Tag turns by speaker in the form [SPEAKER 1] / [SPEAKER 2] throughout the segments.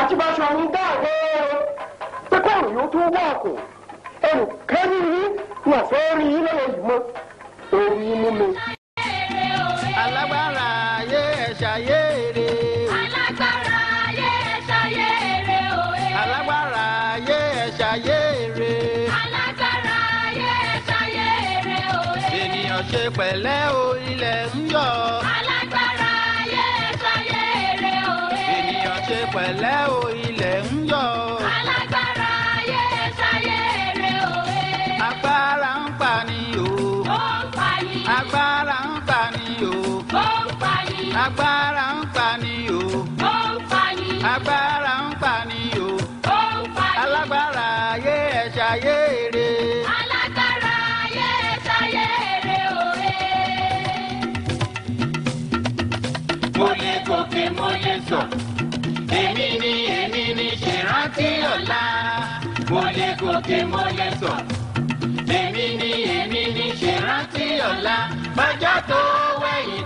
[SPEAKER 1] àti bá aṣọ àwọn dáàbò pé kóòrùn yóò tún wá àkò ẹnìkẹ́ni yìí mà fẹ́ rí lọ́wọ́ yìí mọ́ orí mú
[SPEAKER 2] alágbára ayé ẹ̀ṣayé. agbára ń pa ni o. ó ń pa ni. agbára ń pa ni
[SPEAKER 1] o. ó ń pa ni. alágbára ayé ẹ̀ ṣayé èrè. alágbára
[SPEAKER 3] ayé ẹ̀ ṣayé
[SPEAKER 1] èrè òye.
[SPEAKER 3] mo lè gòkè mo lè sọ èmi ni èmi ni ṣèrántí ọ̀la. mo lè gòkè mo lè sọ èmi ni èmi ni ṣèrántí ọ̀la. bàjọ́ tó wẹ̀yìn.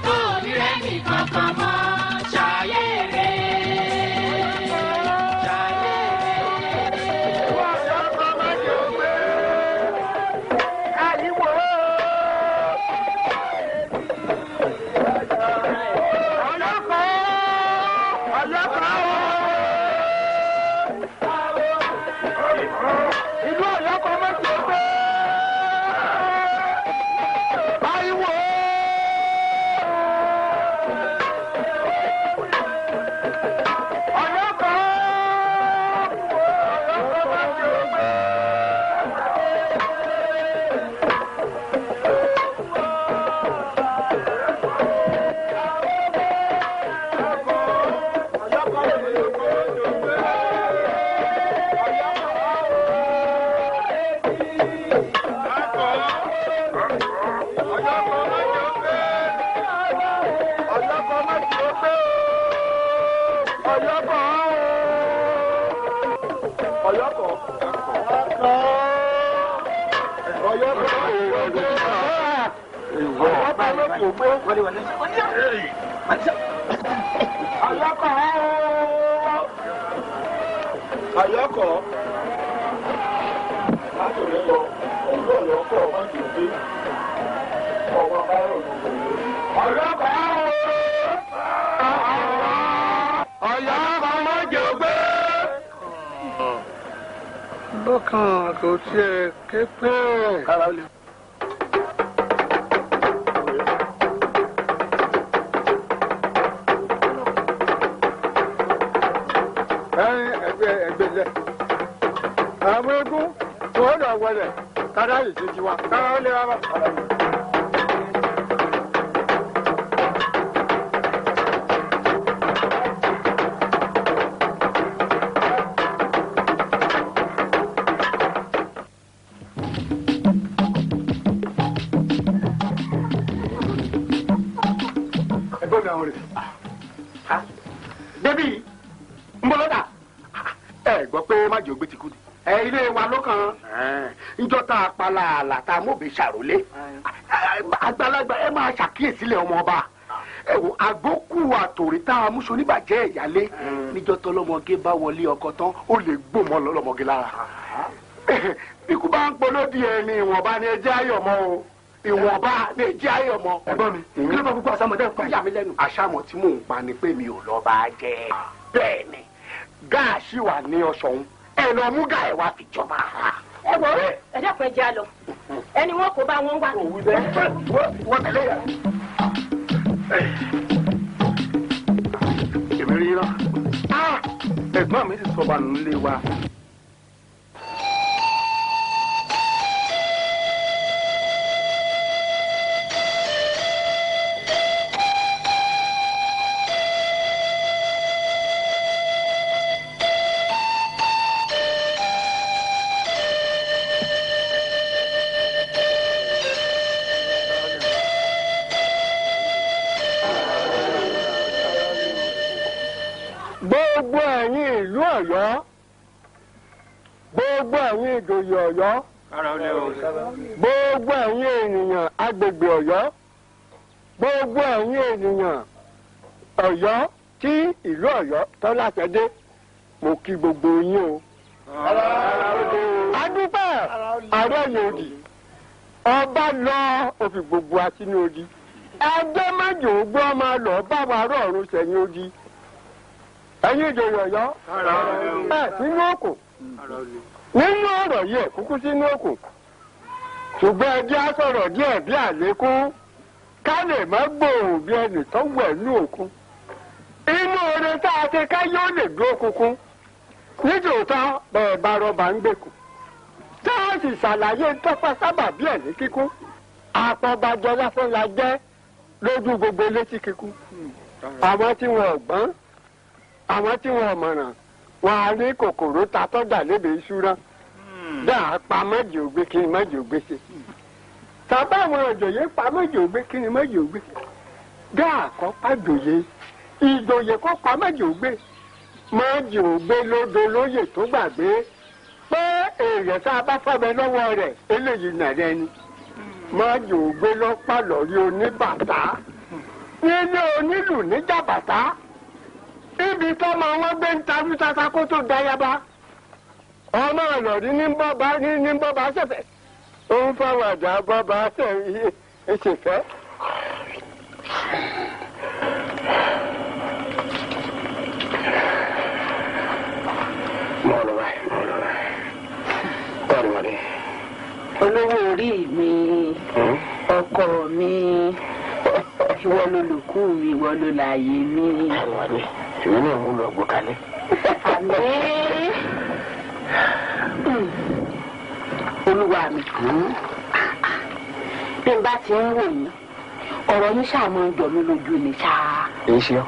[SPEAKER 1] ọ̀yọ́kọ̀ ọ̀yọ́kọ̀ ọ̀yọ́kọ̀ ọ̀pá ló kò gbé ọ̀yọ́kọ̀ ọ̀yọ́kọ̀ látòrí lọ ọ̀dọ́ ọ̀yọ́kọ̀ ọ̀pá kò gbé ọ̀pá báyọ̀ ọ̀yọ́kọ̀. lọ́kàn kò tiẹ̀ ké pé. ẹgbẹ́ ẹgbẹ́ lẹ àwọn eégún tó lọ wọlé kára yìí ti tiwa kára ó lé wa bá. àlà àlà tá a mọ̀bẹ ṣàrólé àgbàlagbà ẹ máa ṣàkíyèsí lẹ ọmọ ọba ẹ wò àgbókù àtòrí tá a múṣọ oníbàjẹ́ ìyálé hmm. níjọ́ tọ́lọ́mọge bá wọlé ọkọ tán ó lè gbòmọ lọ́lọ́mọge lára ikú bá ń polódì ẹni ìwọ̀nba ni ẹjẹ́ ayọ̀mọ́ o ìwọ̀nba ni ẹjẹ́ ayọ̀mọ́. ẹ̀gbọ́n mi kí ló bá gbogbo àṣàmọ̀ dẹ́rù pa yà mí lẹ́nu. àṣàmọ̀ tí mò ń pa ni pé mi ò lọ bá jẹ bẹ́ẹ̀ ni gáàsì wà ní ọ̀ṣọ́hún ẹ̀ lọ mú gáà ẹ̀ wá fi jọba
[SPEAKER 2] ẹ wọ ẹ dẹ́kun ẹ jẹ́ àlọ́
[SPEAKER 1] ẹni wọn kò bá wọn wá. òwú bẹ́ẹ̀ wọ́n tẹ̀lé yà. èmi rí i rán ah! ẹ̀gbọ́n mi sì sọ bá nílé wa. lágbègbè Ọ̀yọ́ gbogbo ẹ̀yin ènìyàn Ọ̀yọ́ tí ìlú Ọ̀yọ́ tọ́lá tẹ́dé mo kí gbogbo yín o. adúpẹ́ ààrẹ yòòdì ọba lọ òfin gbogbo àtinú odi ẹgbẹ́ mẹ́jọ gbọ́ máa lọ bá wa sẹ́yìn odi ẹ̀yin ìjòyè Ọ̀yọ́ ẹ̀ nínú òkò nínú ọ̀rọ̀ yìí ẹ̀ kúkú sínú òkò. ṣùgbọ́n ẹjẹ́ á sọ̀rọ̀ díẹ̀ bí àlékún ká lè má gbòòrò bí ẹnì tó wẹ̀ ní òkun inú oore tá a ti ká yóò lè dúró rọba ń tá a sì ṣàlàyé tọ́pẹ́ sábà bí ẹ̀ jẹ́ lójú gbogbo létí kíkún àwọn tí wọn gbọ́n àwọn tí wọn ta ìṣúra. dáa pa mẹ́jì ògbé kí ni mẹ́jì ògbé ṣe tàbá àwọn àjòyè pa mẹ́jì ògbé kí ni mẹ́jì ògbé dáa kọ́ pa jòyè ìjòyè kọ́ pa mẹ́jì ògbé mẹ́jì ògbé lódo lóyè tó gbàgbé pé èrè tá a bá fọ́bẹ lọ́wọ́ rẹ̀ eléyìí nàrẹ́ ni mẹ́jì ògbé lọ́pàá lọ́rí oníbàtà nílé onílù níjàbàtà ibi tó máa wọ́n gbé ń ta lútata kó tó dayaba. ọmọ àlọ́rí ní bọ́ba ní bọ́ba ṣẹ̀fẹ̀ òun fáwọn àjà bọ́ba ṣẹ̀fẹ̀.
[SPEAKER 2] olówó orí mi hmm? ọkọ mi ìwọ lolùkú mi ìwọ lolàyè mi. àwọn àlè ìwé náà ń lọ gbọ́kálẹ̀. àmì. olúwa mi bí n bá ti ń wò yín ọ̀rọ̀ yín ṣáà máa ń jọ mí lójú ni ṣáá. èyí ṣe ọ́.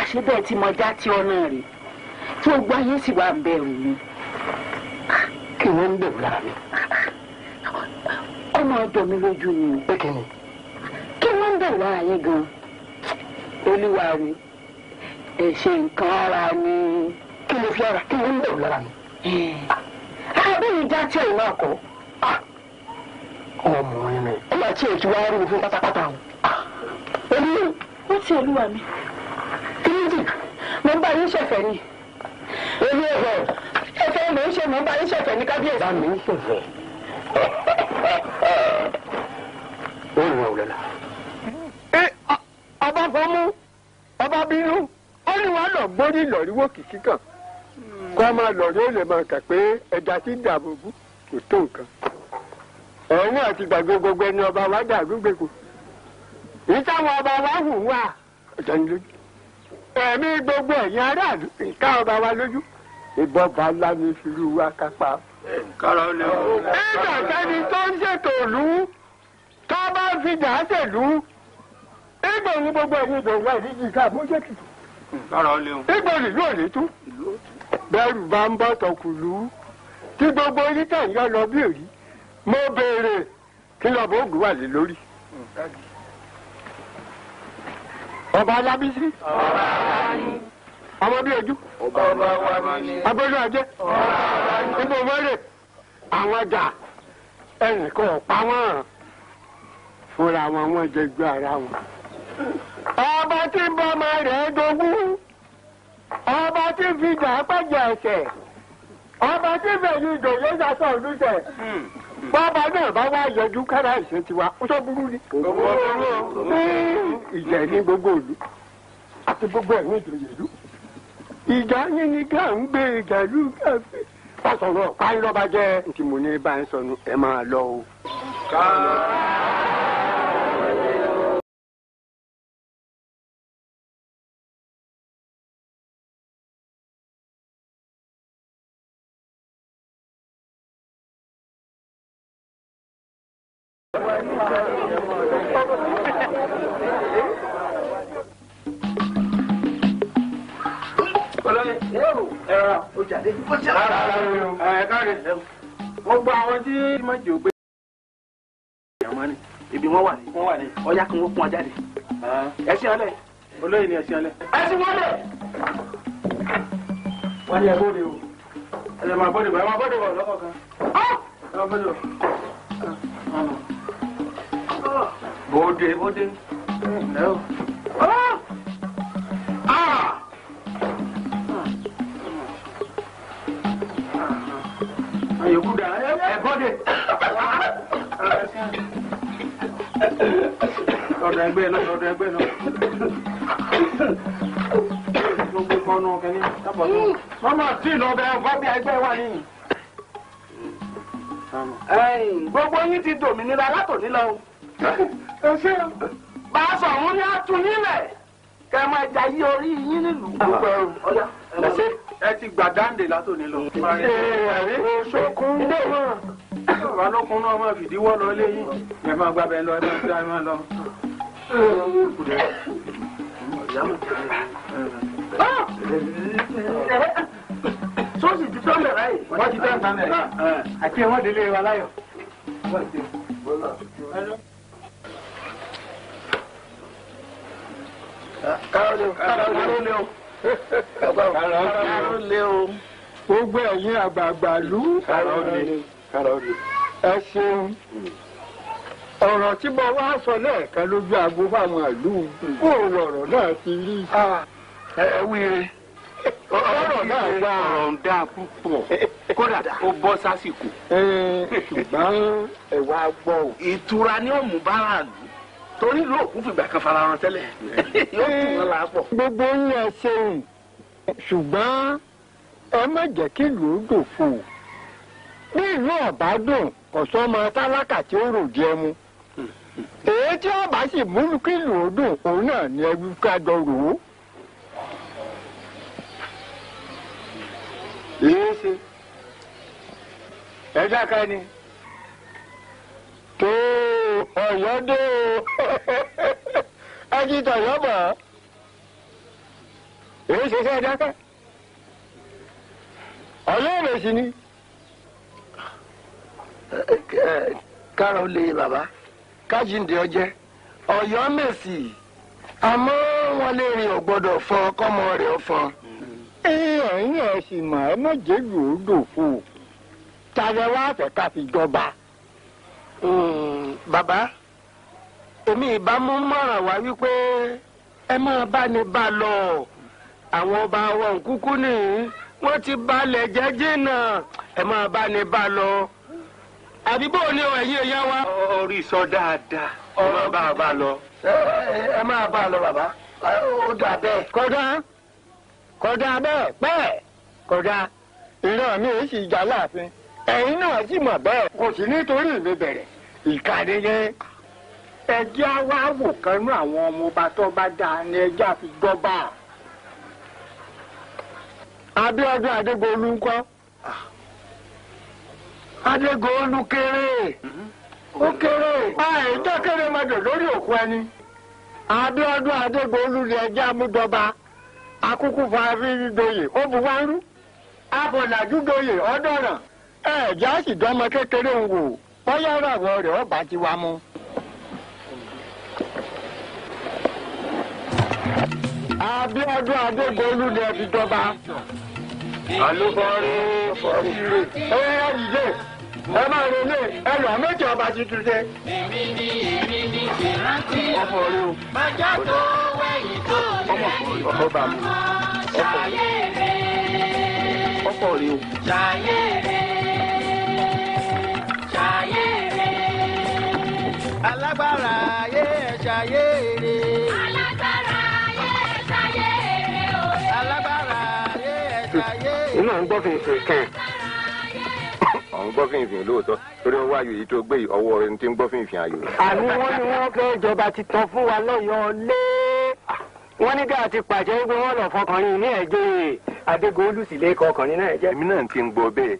[SPEAKER 2] àṣé bẹ́ẹ̀ tí mo já tí ọ̀nà rẹ̀ tí ó gbọ́ sì wá ń bẹ̀rù mi. kí wọ́n ń bẹ̀rù lára mi. ọmọ ọjọ́ mi lójú ni o. pé kíni. kí wọ́n ń bẹ̀rù lára yín gan-an. olúwa mi ẹ ṣe nǹkan ara mi. kí ló fi ara kí
[SPEAKER 3] wọ́n ń bẹ̀rù lára mi abẹ́yìn dá tí ẹ̀yin náà kọ́ ah! ọmọ yìí ni ọmọ àti ètò wa rí mi fún pátápátá o.
[SPEAKER 2] èmi ah! wọ́n ti olúwa mi kírídì mo ń bá yín ṣẹ̀fẹ̀ ni. èmi ẹ̀fẹ̀ ẹ̀fẹ̀ mò ń ṣe mo ń bá yín ṣẹ̀fẹ̀ ní kábíyèsí. bá mi ń ṣẹ̀fẹ̀
[SPEAKER 1] ó rìn wọn ò lọ́la. ọba kan mú ọba bínú ó ní wàá lọ gbórí lọ́rí wò kó a máa lọ yóò lè máa kà pé ẹja ti dààbò bú kò tó nǹkan ẹ̀rín àti gbàgbé gbogbo ẹni ọba wa dàrú gbèkó ìtàwọn ọba wa hù wá ọ̀dánilójú ẹ̀mí gbogbo ẹ̀yin aráàlú ìka ọba wa lójú ìbọn bá lámì ìṣirú wa kápá. nígbà tẹ́ni tó ń ṣètò ìlú tó bá ń fi jà á ṣèlú ìgbòho gbogbo ẹ̀yin ìbò wa ìdíjì ká mú jẹ́ tutù. ìlú ò tú bẹ́rù bá ń bọ̀ tọ̀kùlú tí gbogbo onítàn yọ lọ bí èrí mo béèrè kí lọ́bọ̀ ògùn wà lé lórí. ọba alábísí. ọba alábísí. ọmọ bí ojú. ọba wa ni. abẹ́lú ajé. ọba wa ni. ibo mọ́lẹ̀ àwọn ọjà ẹnìkan ọ̀pá wọn fúnra wọn wọn jẹ gbé ara wọn. ọba tí ń bọ́ ọmọ rẹ̀ dogún ọba tí fi dà pẹ́jẹ ẹ̀ṣẹ̀ ọba tí fẹ̀yìn ìdòwò yàtọ̀ olùṣẹ̀ bọ́ba náà bá wá yọjú kára ìṣe tiwa ó tó burú ni. ìjà ní gbogbo ìlú àti gbogbo ẹ̀rín ìjòyè ìlú ìjà yín ni ká ń gbé ìjà ìlú káfí. ọ̀sọ̀rọ̀ páyọ́ba jẹ́ ntìmọ̀ ní bá ń sọnù ẹ̀ máa lọ o.
[SPEAKER 3] káàárọ̀.
[SPEAKER 1] gbọ́n jáde. ẹsìn alẹ olóyè ni ẹsìn alẹ. ẹsìn wọlé. wọ́n yẹ bóde o ẹ lè máa bóde bọ̀ ẹ máa bóde bọ̀ lọ́kọ̀ kan. ẹ máa bóde bọ̀. bóde bóde. ẹ o. Ayọ̀kúdà ẹ bọ́dẹ̀ ọ̀dọ̀ ẹgbẹ́ náà ọ̀dọ̀ ẹgbẹ́ náà. gbogbo kọ́nù kẹ́ni dábọ̀ tó. mọ́mọ́ tí ìlú ọbẹ̀ ọkọ bí ẹgbẹ́ wà
[SPEAKER 3] níyìn.
[SPEAKER 1] gbogbo yín ti dòmìnira látòní lọ. bá a sọ̀rọ̀ ní àtúnilẹ̀ kẹ́ máa jayé orí yín nílùú. gbogbo ẹrù ọ̀dà ẹ̀ ẹ ti gbà dáǹdè látòní lọ. ṣokùn bá lọ́kùnrin ọmọ fìdíwọ́ lọ léyìn ẹ máa gbàbẹ lọ ẹ máa gbà ẹ máa lọ sọ́ọ̀sì ti tán lẹ̀ báyìí. wọ́n ti tán tán lẹ̀. àti ẹ̀wọ̀n délé wa láyọ̀. káró lé o. gbogbo ẹ̀yin àgbààgbà lù. káró lé. ẹ ṣeun ọ̀rọ̀ tí mo wá sọ lẹ́ẹ̀kan lójú aago fáwọn ìlú kó o wọ̀rọ̀ náà ti rí. ẹ wí rẹ ọ̀rọ̀ náà wá ọ̀rọ̀ ń dá púpọ̀ kódà ó bọ́ sásìkò. ṣùgbọ́n ẹ gbọ́ o. ìtura ni ó mú bára lù torí ló kún fìgbà kan fara hàn tẹ́lẹ̀ yóò tún wọn là á pọ̀. gbogbo yín ẹ ṣeun ṣùgbọ́n ẹ má jẹ́ kí ìlú dòfo bí ìlú ọ̀bá dùn kọ̀sọ́ ọmọ tálákà tí ó rò jẹ mu èyí tí a bá sì múlù kí ìlú ọdún òun náà ni ẹbí kájọ rò ó. èyí ṣe ẹ dákẹ́ ni tó ọ̀yọ́ dé o ajíta yọ̀bọ̀ èyí ṣe ṣe ẹ dákẹ́ ọ̀yọ́ rẹ̀ sì ni. káàrọ̀ lè bàbá. kájíǹde ọjẹ ọ̀yọ́ mèsì àmọ́ wọn lè rìn ògbọ́dọ̀ fọ kọmọ rẹ̀ ọ̀fọn. ẹ ẹ̀yin ẹ̀ sì mọ̀ ẹ́ mọ̀ o yòó dòfo tààrẹ wá fẹ́ ká fi jọba. Hmm, bàbá èmi ìbámu mọ̀ràn wá wípé ẹ máa bá ní bá lọ àwọn ọba wọn kúkú nìyí wọ́n ti balẹ̀ jẹ́jẹ́ náà ẹ máa bá ní bá lọ. àbí bó o ní o ẹ̀yin èèyàn wa. orí sọ dáadáa ẹ máa bá a bá a lọ. ẹ máa bá a lọ bàbá ó dà bẹ́ẹ̀. kódà kódà bẹ́ẹ̀ bẹ́ẹ̀ kódà ìran mi ò sì já láàfin ẹ̀yin náà sì mọ̀ bẹ́ẹ̀ kò sí nítorí mi bẹ̀rẹ̀ ìkàdé yẹn ẹjẹ́ wá wò kan nú àwọn ọmọ ọba tó bá dáa ni ẹjẹ́ àfi gbọ́ bá a. Abíọ́dún Adégbolú ńkọ́. adégòónú kéré ó kéré àìjọ kéré mọdò lórí òkú ẹni Abíọ́dún adégòónú ni ẹjẹ amúdọba akúkú fàáfíì doyè ó bu ń rú abọ̀làjú doyè na. ẹ̀jẹ̀ á sì dánmọ kékeré ń wò Ọ ìràwọ̀ rẹ̀ ọba ti wá mú. dọba.
[SPEAKER 3] àlùfọ́rí fọ́ríre ẹ̀yà ìyè
[SPEAKER 1] ẹ máa rí ilé ẹlò a ọba ti tún dé.
[SPEAKER 3] èmi ni èmi ni ìrántí ọmọ rẹ o. bàjá tó wẹ̀yìn tó lẹ́yìn tó kọ́ ṣàyè rẹ̀. ọkọ rẹ o. ṣàyè rẹ̀ ṣàyè rẹ̀ alágbára ayé ẹ̀ ṣàyè.
[SPEAKER 1] náà ń gbọ́ fìfì kàn. ọ̀hún gbọ́ fìfì lóòótọ́ torí wọ́n wáyò èyí tó gbé ọwọ́ rẹ̀ ti ń gbọ́ fìfì ayò. àní wọ́n ní wọ́n fẹ́ ìjọba ti tán fún wa lọ́yọ̀ọ́ lé wọ́n ní gáà ti pàṣẹ wípé wọ́n lọ fọkànrin ní ẹ̀jẹ̀ adégolú sì lé kọkànrin náà jẹ́. èmi náà ti ń gbọ́ bẹ́ẹ̀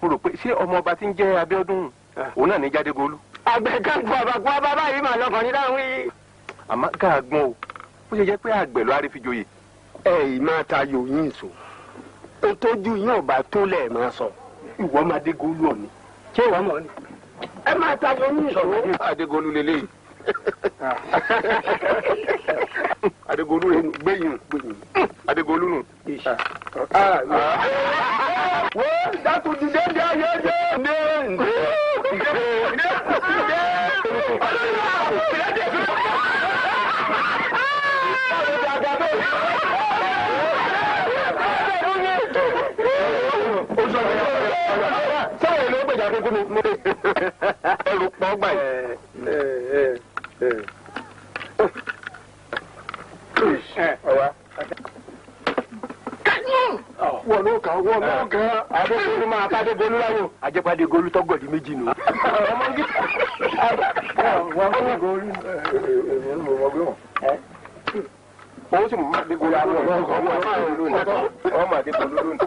[SPEAKER 1] mo rò pé ṣé ọmọ ọba ti ń jẹ́ abíọ́dún òun náà ní jádégolú. àgbẹ̀kẹ́kọ̀ọ́ àbàkùn bàbá yìí mà lọkànrin láwọn yìí. àmọ́ káà gbọ́n o bó ṣe jẹ́ pé àgbẹ̀ ló á rí fi joyè. ẹ ì máa ta yòóyìn sùn ntójú yín ọba tó lẹ̀ máa sọ ìwọ máa dé golú ọ̀ni ṣé ìwọ mọ̀ ni. ẹ máa ta yọ ní ìṣòro. adégolú lélẹ̀ yìí adégolú rẹ gbẹ̀yìn adégolú nù. Ah, ah. wo dátú dìde ní ayé dé ndé ndé ndé ndé ndé ọlọ́run àwọn ọmọ ìrẹ́jẹ̀ fún mi. kúkúrú mi ẹrù pọ̀ gbà yìí. wọ́n ló kàn wọ́n ló kàn adébólú máa bá adébólú láyò. ajẹ́pàdé golú tọ́gọ̀dì méjì nù. Eh, eh, eh, owó sì mú má dé golú àwọn ọmọ àdébólú lónìí. ọmọ àdébólú lónìí.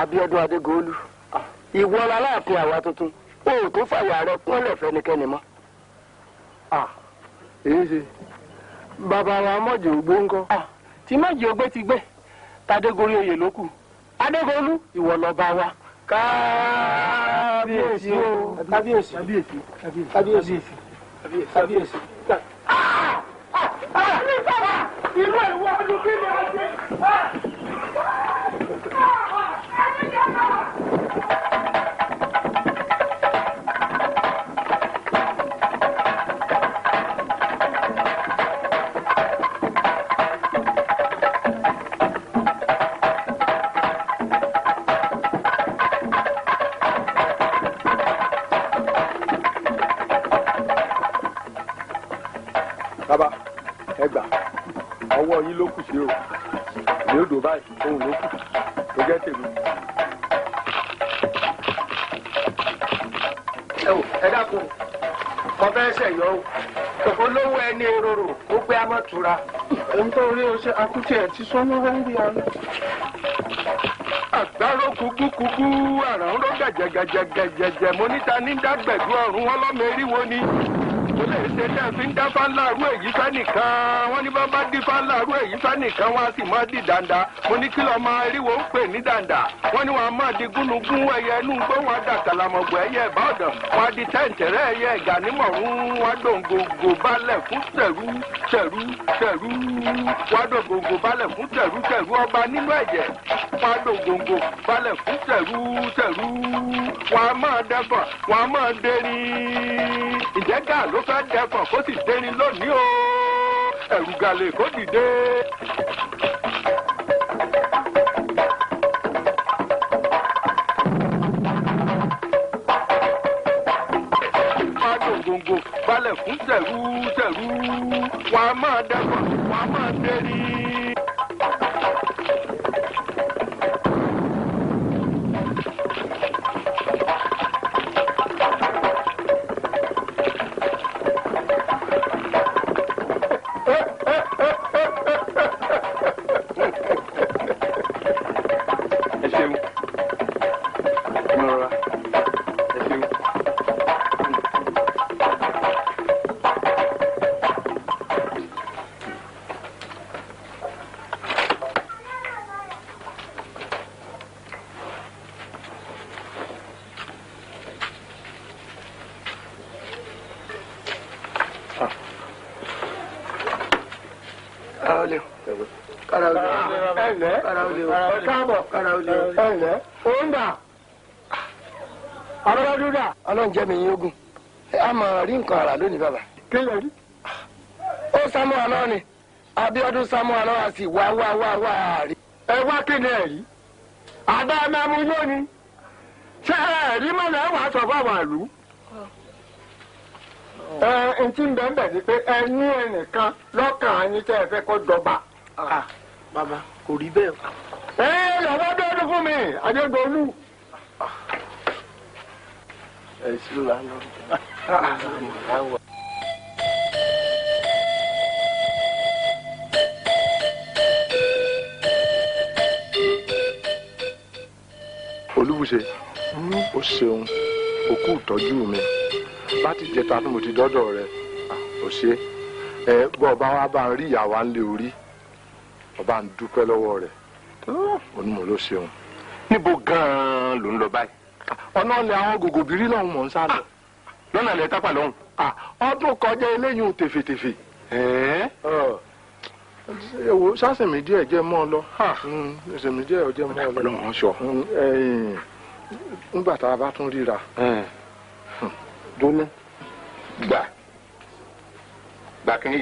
[SPEAKER 1] Abíọ́dún Adégolú ìwọ aláàfin àwa tuntun o ò tún fàyà rẹ kúnlẹ̀ fẹ́nikẹ́ni mọ́. bàbá wa mọ̀jẹ̀ ògbó ńkọ́. tí mọ̀jẹ̀ ògbé ti gbé oyè ló kù ìwọ wa. kábíyèsí o kábíyèsí kábíyèsí kábíyèsí ah ah báyìí òun ló kù tó jẹ́ tèmi. ẹ wò ẹ dákun mo fẹ́ ṣẹ̀yọ́ o kòkó lówó ẹni èrorò ó pé a mọ̀ tura. ohun tó rí o ṣe akútì ẹ̀ ti sọ lọ́wọ́ ń bí ara. àgbárò kúkúkúkú àrùn ló gàjẹgàjẹgàjẹgẹ mo níta ní dágbẹ̀dú ọ̀run wọn lọ́mọ eríwo ni lè ṣe tẹ́ fi ń dá fáńláàrú èyí fẹ́nìkan wọ́n ní bá bá dí fáńláàrú èyí fẹ́nìkan wọ́n á sì máa dì dáadáa mo ní kí lọ́ọ́ máa ríwo ń pè ní dàǹdà wọ́n ní wọ́n á máa di gúnugún ẹyẹ inú igbó wọn á dà kàlàmọ̀gbọ̀ ẹyẹ ẹ̀bá ọ̀dàn wọn á di tẹ̀ǹtẹ̀rẹ́ ẹyẹ ẹ̀gà nímọ̀ ń wá dòǹgòǹgò balẹ̀ fún tẹ̀rú tẹ̀rú tẹ̀rú wá dòǹgòǹgò balẹ̀ fún tẹ̀rú tẹ̀rú ọba nínú ẹ̀jẹ̀ wá dòǹgòǹgò balẹ̀ fún tẹ̀rú tẹ̀rú wọn á máa dẹ́fọ̀n wọn á máa dẹ́rin ìjẹ́gà ló fẹ́ dẹ́fọ̀n kó sì dẹ́rin lónìí o ẹ̀rù Karaole o. Karaole o. o. A a ni ẹ̀rí? Àbá sọ fún àwọn ẹ ntí ń bẹ́ẹ̀ bẹ́ẹ̀ ni pé ẹ ní ẹnìkan lọ́kàn yín tẹ́ ẹ fẹ́ kó dọba. Ah, bàbá kò rí bẹ́ẹ̀. ẹ lọ́wọ́ dọ́dún fún mi adégbòlù. ẹ ṣí lánàá. Hmm? ó ṣeun òkú ìtọ́jú mi láti jẹta tí mo ti dọ́dọ̀ rẹ ò ṣe ẹ bọ́ ọba wa bá ń rí ìyàwó à ń lé orí ọba ń dúpẹ́ lọ́wọ́ rẹ̀ onímọ̀ ah, ló ṣeun. níbo gan-an ló ń lọ báyìí. ọ̀nà ọ̀lẹ̀ àwọn gògòbírí lọ́hùn mọ̀ ń sá lọ. lọ́nà ilẹ̀ tápà lọ́hùn. ọdún kọjá eléyìí tèfètèfè. ewo sásìmì díẹ̀ jẹ́ mọ́ ọ lọ. sásìmì hmm, díẹ̀ jẹ́ mọ́ ọ lọ. ọ̀pọ̀lọpọ̀ wọn nígbà tá a bá tún ríra dóná gbà gbà kínní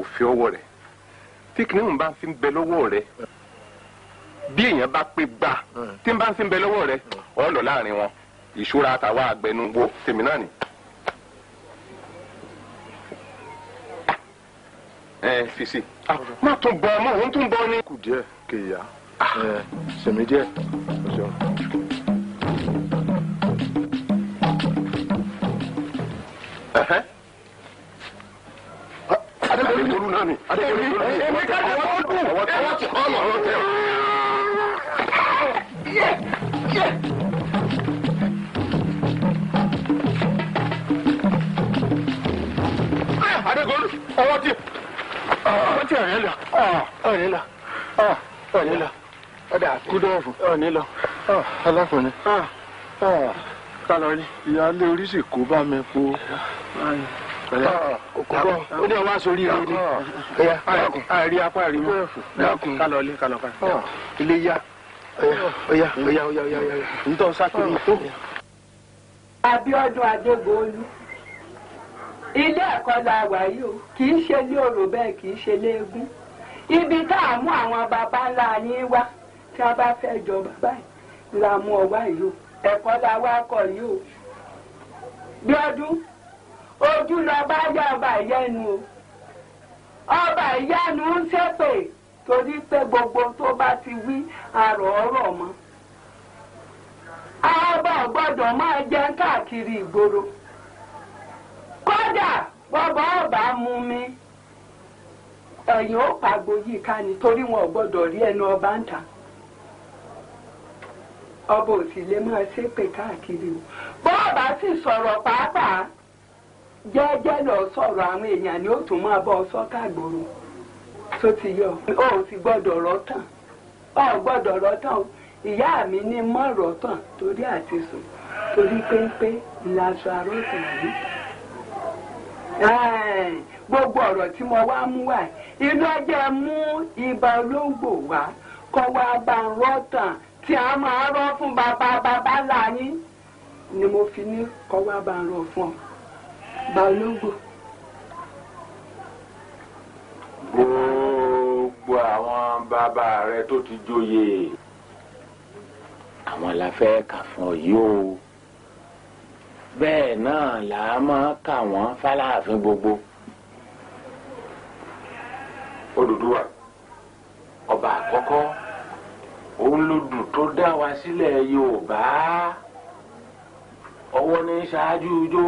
[SPEAKER 1] òfin ọwọ́ rẹ̀ tí kìnìún ń bá fi ń bẹ lọ́wọ́ rẹ̀ bí èèyàn bá pé gbà tí ń bá fi ń bẹ lọ́wọ́ rẹ̀ ọ̀rọ̀ lọ láàrin wọn ìṣúra àtàwọn àgbẹnugbó tèmi náà ni. ẹ fisi má tún bọ ọmọ òun tún bọ ní. kù díẹ̀ kéèyà ah. sèmi díẹ̀ ọ̀sẹ̀. adékèké tolú náà ni adékèké tolú náà ni èmi ká lè wọ́n dùn ẹ̀rọ ti hàn lọ́wọ́ tẹ ọ. adékèké ọwọ́ ti ọwọ́ ti ọ̀rẹ́ la ọ̀rẹ́ la ọ̀rẹ́ la ọ̀dà kúdọ̀ọ̀fù ọ̀rẹ́ la alákùnrin sálọ ilé. ìyáálé oríṣi kò bá mi po. Ah, kò bọ̀ ó ní ọmọ aṣọ oríire ni àìrí apá rí mọ́ kálọ ilé ah, ilé yá ọ̀yá ọ̀yá ọ̀yá ọ̀yá nítorí sákìrì tó. Ah. Abíọ́dún Adégoolú ilé ẹ̀kọ́ la wà yìí o kì í ṣe ní òrò bẹ́ẹ̀ kì í ṣe léegun ibi tá a mú àwọn baba ńlá yín wá tí a bá fẹ́ jọba báyìí la mú ọ wá yìí o. ẹ̀kọ́ la wá kọ̀ yìí o bí ọdún ojú lọ bá yá ọba ìyẹnu o ọba ìyẹnu ń ṣépè torí pé gbogbo tó bá ti wí àrò ọ̀rọ̀ mọ́ ọba gbọ́dọ̀ máa jẹ káàkiri ìgboro kódà bọ́bá ọba mú mi ẹ̀yìn ó pàgbò yìí ká ni torí wọn ò rí ẹnu ọba ń ta. ọba ò sì lè máa ṣépè káàkiri o bó ọba sì sọ̀rọ̀ pàápàá jẹ́jẹ́ lọ sọ̀rọ̀ àwọn èèyàn ni ó tún máa bọ́ sọ́kà gbòòrò tó ti yọ ó sì gbọ́dọ̀ rọ́tàn ọ gbọ́dọ̀ rọ́tàn o ìyá mi ní mọ́ rọ́tàn torí àti sùn torí péńpé ìlàsọ arọ́tàn yìí gbogbo ọ̀rọ̀ tí mo wá mú wá iná jẹ́ mú ibà olóńgbò wá kọ́ wá bá ń rọ́tàn tí a máa rọ fún bàbá bàbá là yín ni mo fi ní kọ́wá bá ń rọ fún ọ balógun. gbogbo àwọn bàbá rẹ tó ti joyè àwọn la fẹ́ kà fún ọ yìí o bẹ́ẹ̀ náà là á máa kà wọ́n fáláàfin gbogbo. Odùduwà ọba àkọ́kọ́ òun ló dùn tó dá wa sílẹ̀ yorùbá ọwọ́ ní ṣáájú ijó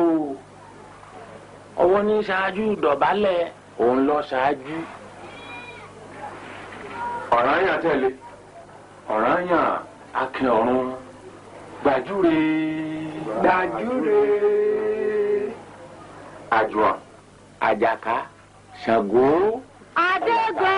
[SPEAKER 1] ọwọ́ ní ṣáájú ìdọ̀bálẹ̀ òun lọ ṣáájú. ọ̀ranyàn tẹ̀lé ọ̀ranyàn akin ọ̀run gbàjúre gbàjúre àjùwọ̀n àjàká ṣàngó.
[SPEAKER 2] adégbò.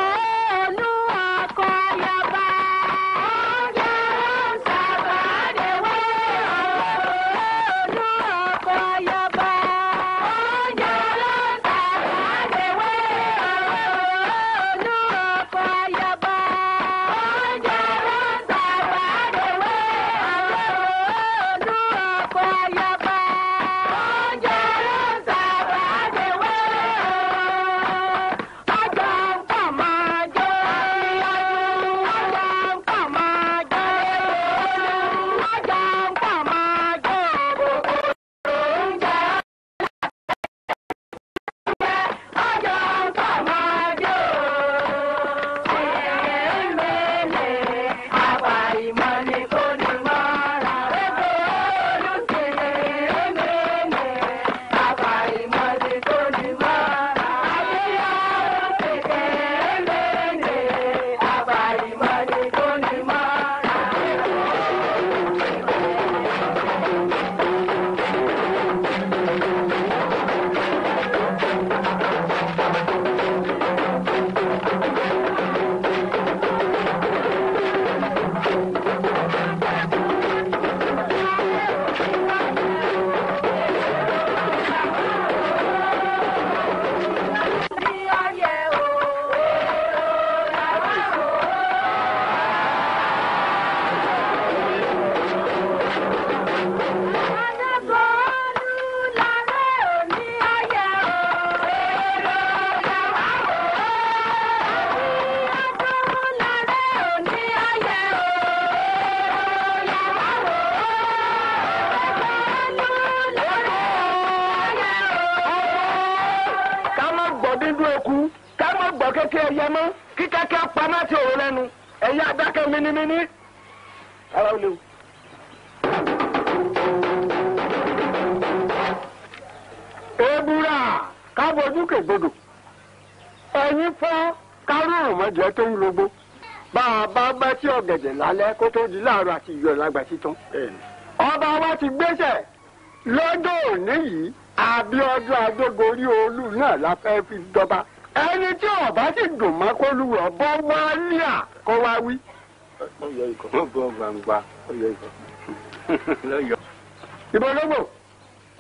[SPEAKER 1] òkú ká mọ̀ gbọ́ kékeré ẹyẹ mọ́ kí kẹ́kẹ́ paná ti òun lẹ́nu ẹ̀yẹ adákẹ́ mímímí ara ó léwu. ebúra kábojú kègbodò ẹyin fọ́ kárùn-ún mọ́jọ́ tó ń lógbó bá a bá gbá tí ọ̀gẹ̀dẹ̀ lálẹ́ kó tó di láàárọ̀ àti ìyọ̀ lágbà títán ọba wa ti gbéṣẹ̀ lọ́dọ̀ òní yìí Abíọ́dún Adégorí Olú náà la fẹ́ fi dọba ẹni tí ọba sì dùn mọ́ kó lu ọ̀bọ wálíà kó wá wí. ìbọn lọ́gbò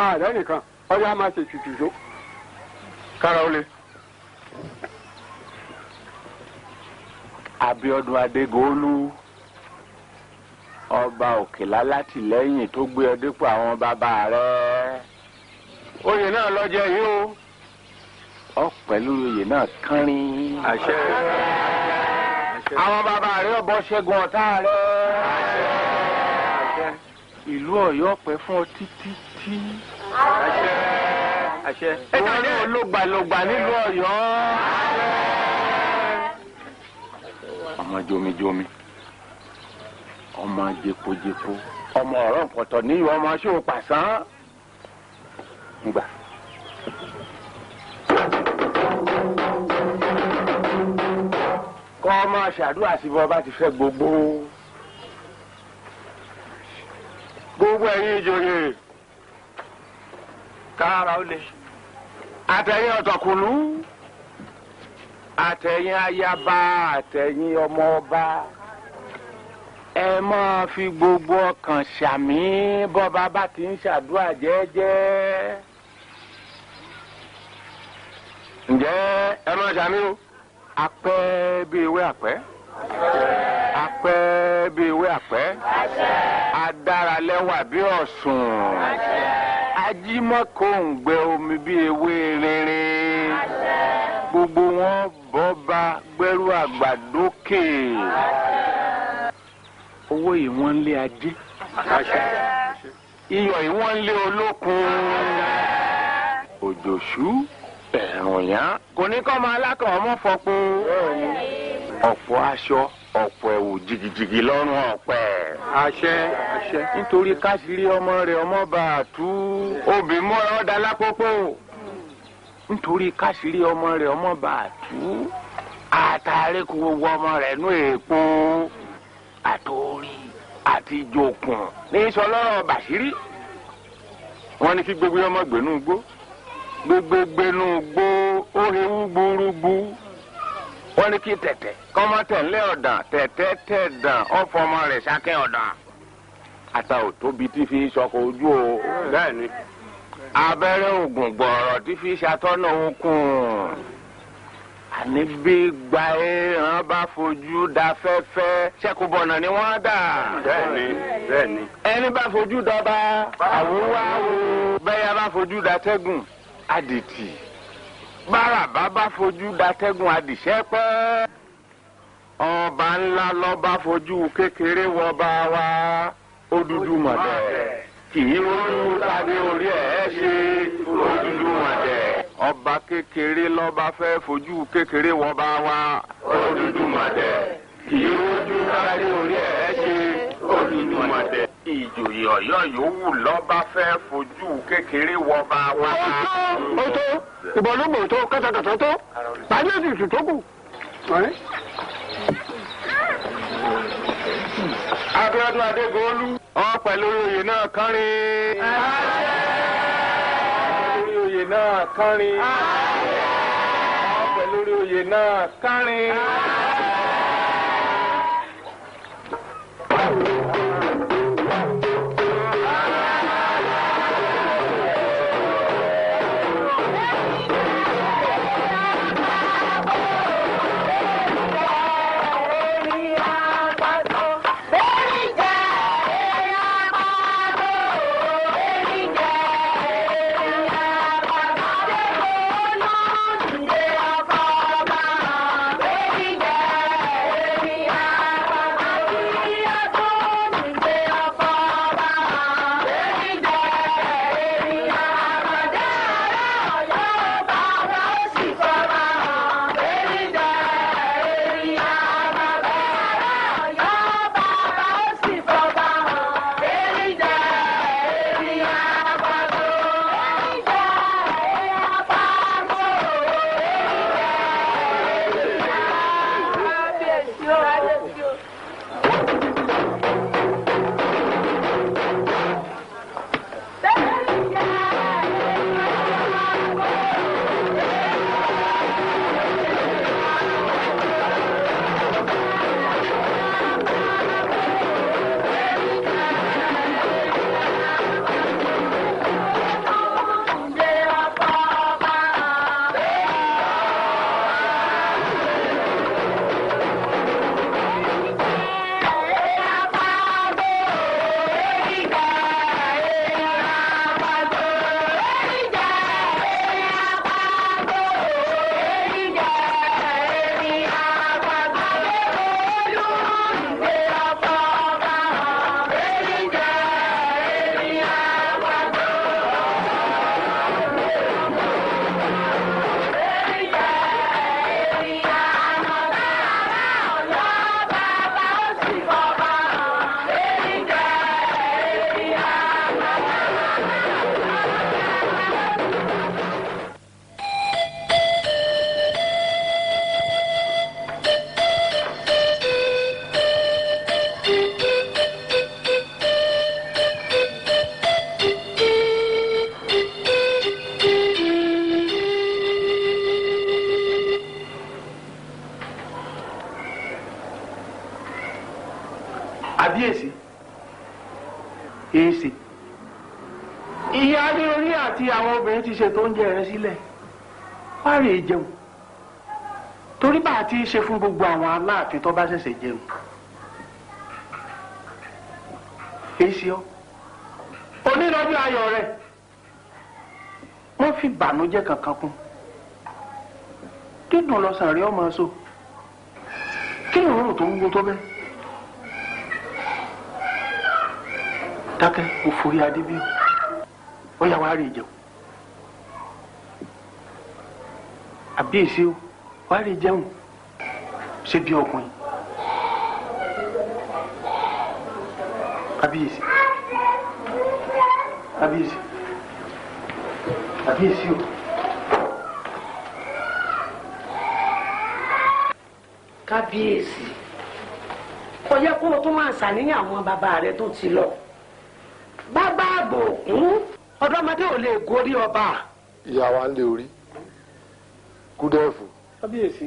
[SPEAKER 1] ààrẹ nìkan ọyá máa ṣe tùtùjó. kára ó le. Abíọ́dún Adégolú ọba òkèlá látìlẹ́yìn tó gbé ọ dépò àwọn bàbá rẹ̀
[SPEAKER 2] oyè náà lọ jẹ yìí o.
[SPEAKER 1] ọ pẹ̀lú oyè náà kánrin. àṣẹ. àwọn bàbá rẹ ọbọ ṣẹ́gun ọ̀tá rẹ. àṣẹ. ìlú Ọ̀yọ́ pẹ́ fún ọ títí tí. àṣẹ. àṣẹ. ìwọ náà ló gbàlógbà nílùú Ọ̀yọ́. ọmọ jomijomi ọmọ jepojepo ọmọ ọ̀rọ̀ nǹkan tọ̀ níyì ọmọ aṣọ pàṣán gbà. kọ́ máa ṣàdúrà sí bọ́ bá ti fẹ́ gbogbo gbogbo ẹ̀yin ìjòyè kára ó lè àtẹ̀yìn ọ̀tọ̀kùlú àtẹ̀yìn ayaba àtẹ̀yìn ọmọ ẹ máa fi gbogbo ọkàn ṣàmì bọ́ba bá ti ń ṣàdúrà jẹ́ẹ́jẹ́ẹ́ ǹjẹ́ ẹ máa ṣàmì apẹ́ bí ewé àpẹ́ apẹ́ bí ewé àpẹ́ adára lẹ́wà bí ọ̀sùn ajímọ́kò ń gbẹ omi bí ewé rinrin gbogbo wọn bọ́ba gbẹ́rù àgbà owó yìí wọ́n ń lé ajé iyọ̀ yìí wọ́n ń lé olókun òjòṣú ẹ̀rùn yá kò ní kọ́ máa lákàn ọmọ fọpo ọ̀pọ̀ aṣọ ọ̀pọ̀ ẹ̀wù jìgìjìgì lọ́rùn ọ̀pẹ. àṣẹ àṣẹ nítorí káṣírí ọmọ rẹ ọmọ bá a tú obì múra ọ̀dà lápòpò nítorí káṣírí ọmọ rẹ ọmọ bá a tú àtàrí kò wọ ọmọ rẹ nú èèpo àtòrí àti ìjòkùn ní sọlọ́rọ̀ bàṣírí wọn ni kí gbogbo ọmọ gbẹ̀nú gbó gbogbo gbẹnu gbó ó hewú gbúrúgbú wọ́n ní kí tẹ̀tẹ̀ kọ́mọ tẹ̀lé ọ̀dàn tẹ̀tẹ̀ tẹ̀dàn ọ̀fọ̀mọ rẹ̀ sákẹ́ ọ̀dàn ata ò tóbi tí fi sọkò ojú o bẹ́ẹ̀ ni abẹ́rẹ́ ògùn gbọ̀ọ̀rọ̀ tí fi ṣàtọ́nà okùn àní bí gba ẹran bá fojú da fẹ́fẹ́ ṣẹ́kùbọ̀nà ni wọ́n dà. bẹ́ẹ̀ni bẹ́ẹ̀ni. ẹni bá fojú dọba àwòwá wo bẹ́ẹ̀ yá bá fojú da tẹ́gùn adìtì bárabá bá fojú datẹ́gùn adìṣẹ́ pẹ́ ọba ńlá lọ́ba fojú kékeré wọba wa Odùdu mọ̀dẹ̀ kì í ronú tani orí ẹ̀ ṣe Odùdu mọ̀dẹ̀ ọba kékeré lọ́ba fẹ́ fojú kékeré wọba wa Odùdu mọ̀dẹ̀ kì í ronú tani orí ẹ̀ ṣe Odùdu mọ̀dẹ̀ ìjòyè ọ̀yọ́ yòówù lọ́ba fẹ́ fojú kékeré wọba wa. ó tó ìbọn ló mọ̀ tó kàtàkàtà tó pàdé sì tù tó kù. abíọ́dún adégoolu ọ pẹ̀lú oyè náà kánrin. pẹ̀lú oyè náà kánrin. pẹ̀lú oyè náà kánrin. Thank you. ṣeé ṣe. ìyá adéorí àti àwọn obìnrin ti ṣètò oúnjẹ rẹ sílẹ̀ wá rèé jẹun torí bá a ti ṣe fún gbogbo àwọn aláàfin tó bá ṣẹ̀ṣẹ̀ jẹun èsì ọ onírọ́jú ayọ̀ rẹ wọ́n fi bànújẹ́ kankan kún dídùn lọ́sàn-án rí ọmọ so kí ni òórùn tó ń gbó tó bẹ́ẹ̀. dákẹ́ mo forí adé bí ó yà wá rí ìjẹun àbíyèsí o wá rí ìjẹun ṣé bí ọkùnrin àbíyèsí àbíyèsí àbíyèsí o. kábíyèsí kò yẹ kó o tún máa ṣàníyàn àwọn bàbá rẹ tó ti lọ. tọmọdé ò lè gorí ọba. ìyá wa ń lé orí kúdẹ́ẹ̀fù. kábíyèsí.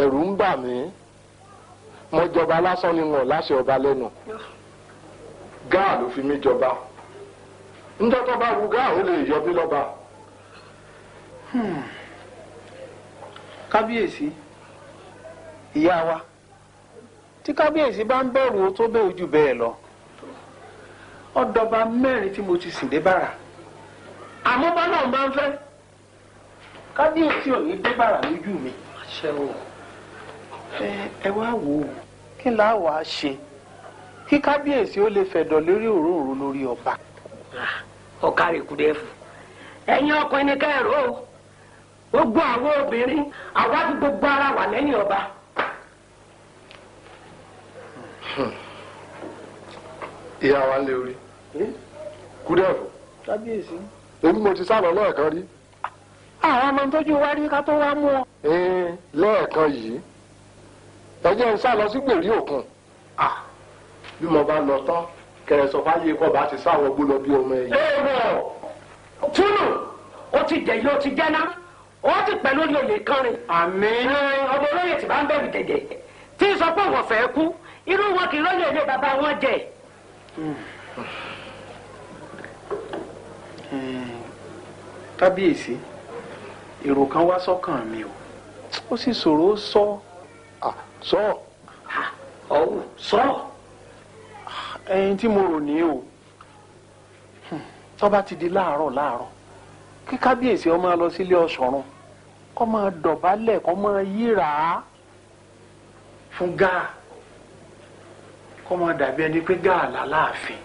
[SPEAKER 1] ẹ̀rù ń bà mí mo jọba lásán ni wọn láṣẹ ọba lẹ́nu gáà ló fi mí jọba ńjọ́ bá wu gáà ó lè yọ mí lọ́ba. kábíyèsí ìyá wa tí kábíyèsí bá ń bẹ̀rù ó tó bẹ́ẹ̀ ojú bẹ́ẹ̀ lọ. ọ̀dọ̀ba mẹ́rin tí mo ti sìn dé bàrà àmọ́ bá náà máa ń fẹ́ kábíyèsí ò ní dé bàrà lójú mi. àṣẹ o ẹ wá wò ó kí là á wà á ṣe kí kábíyèsí ó lè fẹ̀dọ̀ lórí òróǹro lórí ọba.
[SPEAKER 2] Ah, ọ̀ka rẹ̀ kú dẹ́fù
[SPEAKER 1] ẹ̀yin ọkùnrin ni kẹ́rọ o gbogbo àwọn obìnrin àwa gbogbo ara wà lẹ́yìn ọba. Hmm ìyá wa lé orí kúdẹ̀rù. kábíyèsí. èmi mo ti sábà lẹ́ẹ̀kan rí. àwọn ọmọ tójú
[SPEAKER 2] wa rí ká tó wá mú ọ.
[SPEAKER 1] lẹ́ẹ̀kan yìí ẹ jẹ́ ń sá lọ sí gbèrí òkun. bí mo bá lọ tán kẹrẹsọ fáyé kọ bá ti sáwọn gbó lọ bí ọmọ ẹyìn. èèwọ̀ túnú ó ti jẹ yóò ti jẹ́ná ó ti pẹ̀ lórí olè kan rìn. àmín. ọmọ olóyè tí bá ń bẹ̀rù jẹ̀jẹ̀ tí sọ pé òwò
[SPEAKER 2] fẹ́ kú irú wọn kì í lóye ilé bàbá wọn jẹ
[SPEAKER 1] kábíyèsí èrò kan wá sọ́kàn mi o ó sì ṣòro sọ sọ ọ̀hún sọ ẹyin tí mo rò ní o hmm, tó bá ti di láàárọ̀ láàárọ̀ kí kábíyèsí ó máa lọ sílé ọ̀ṣọ́run kó máa dọ̀bálẹ̀ kó máa yíra fún gáà kó máa dàbí ẹni pé gààlà láàfin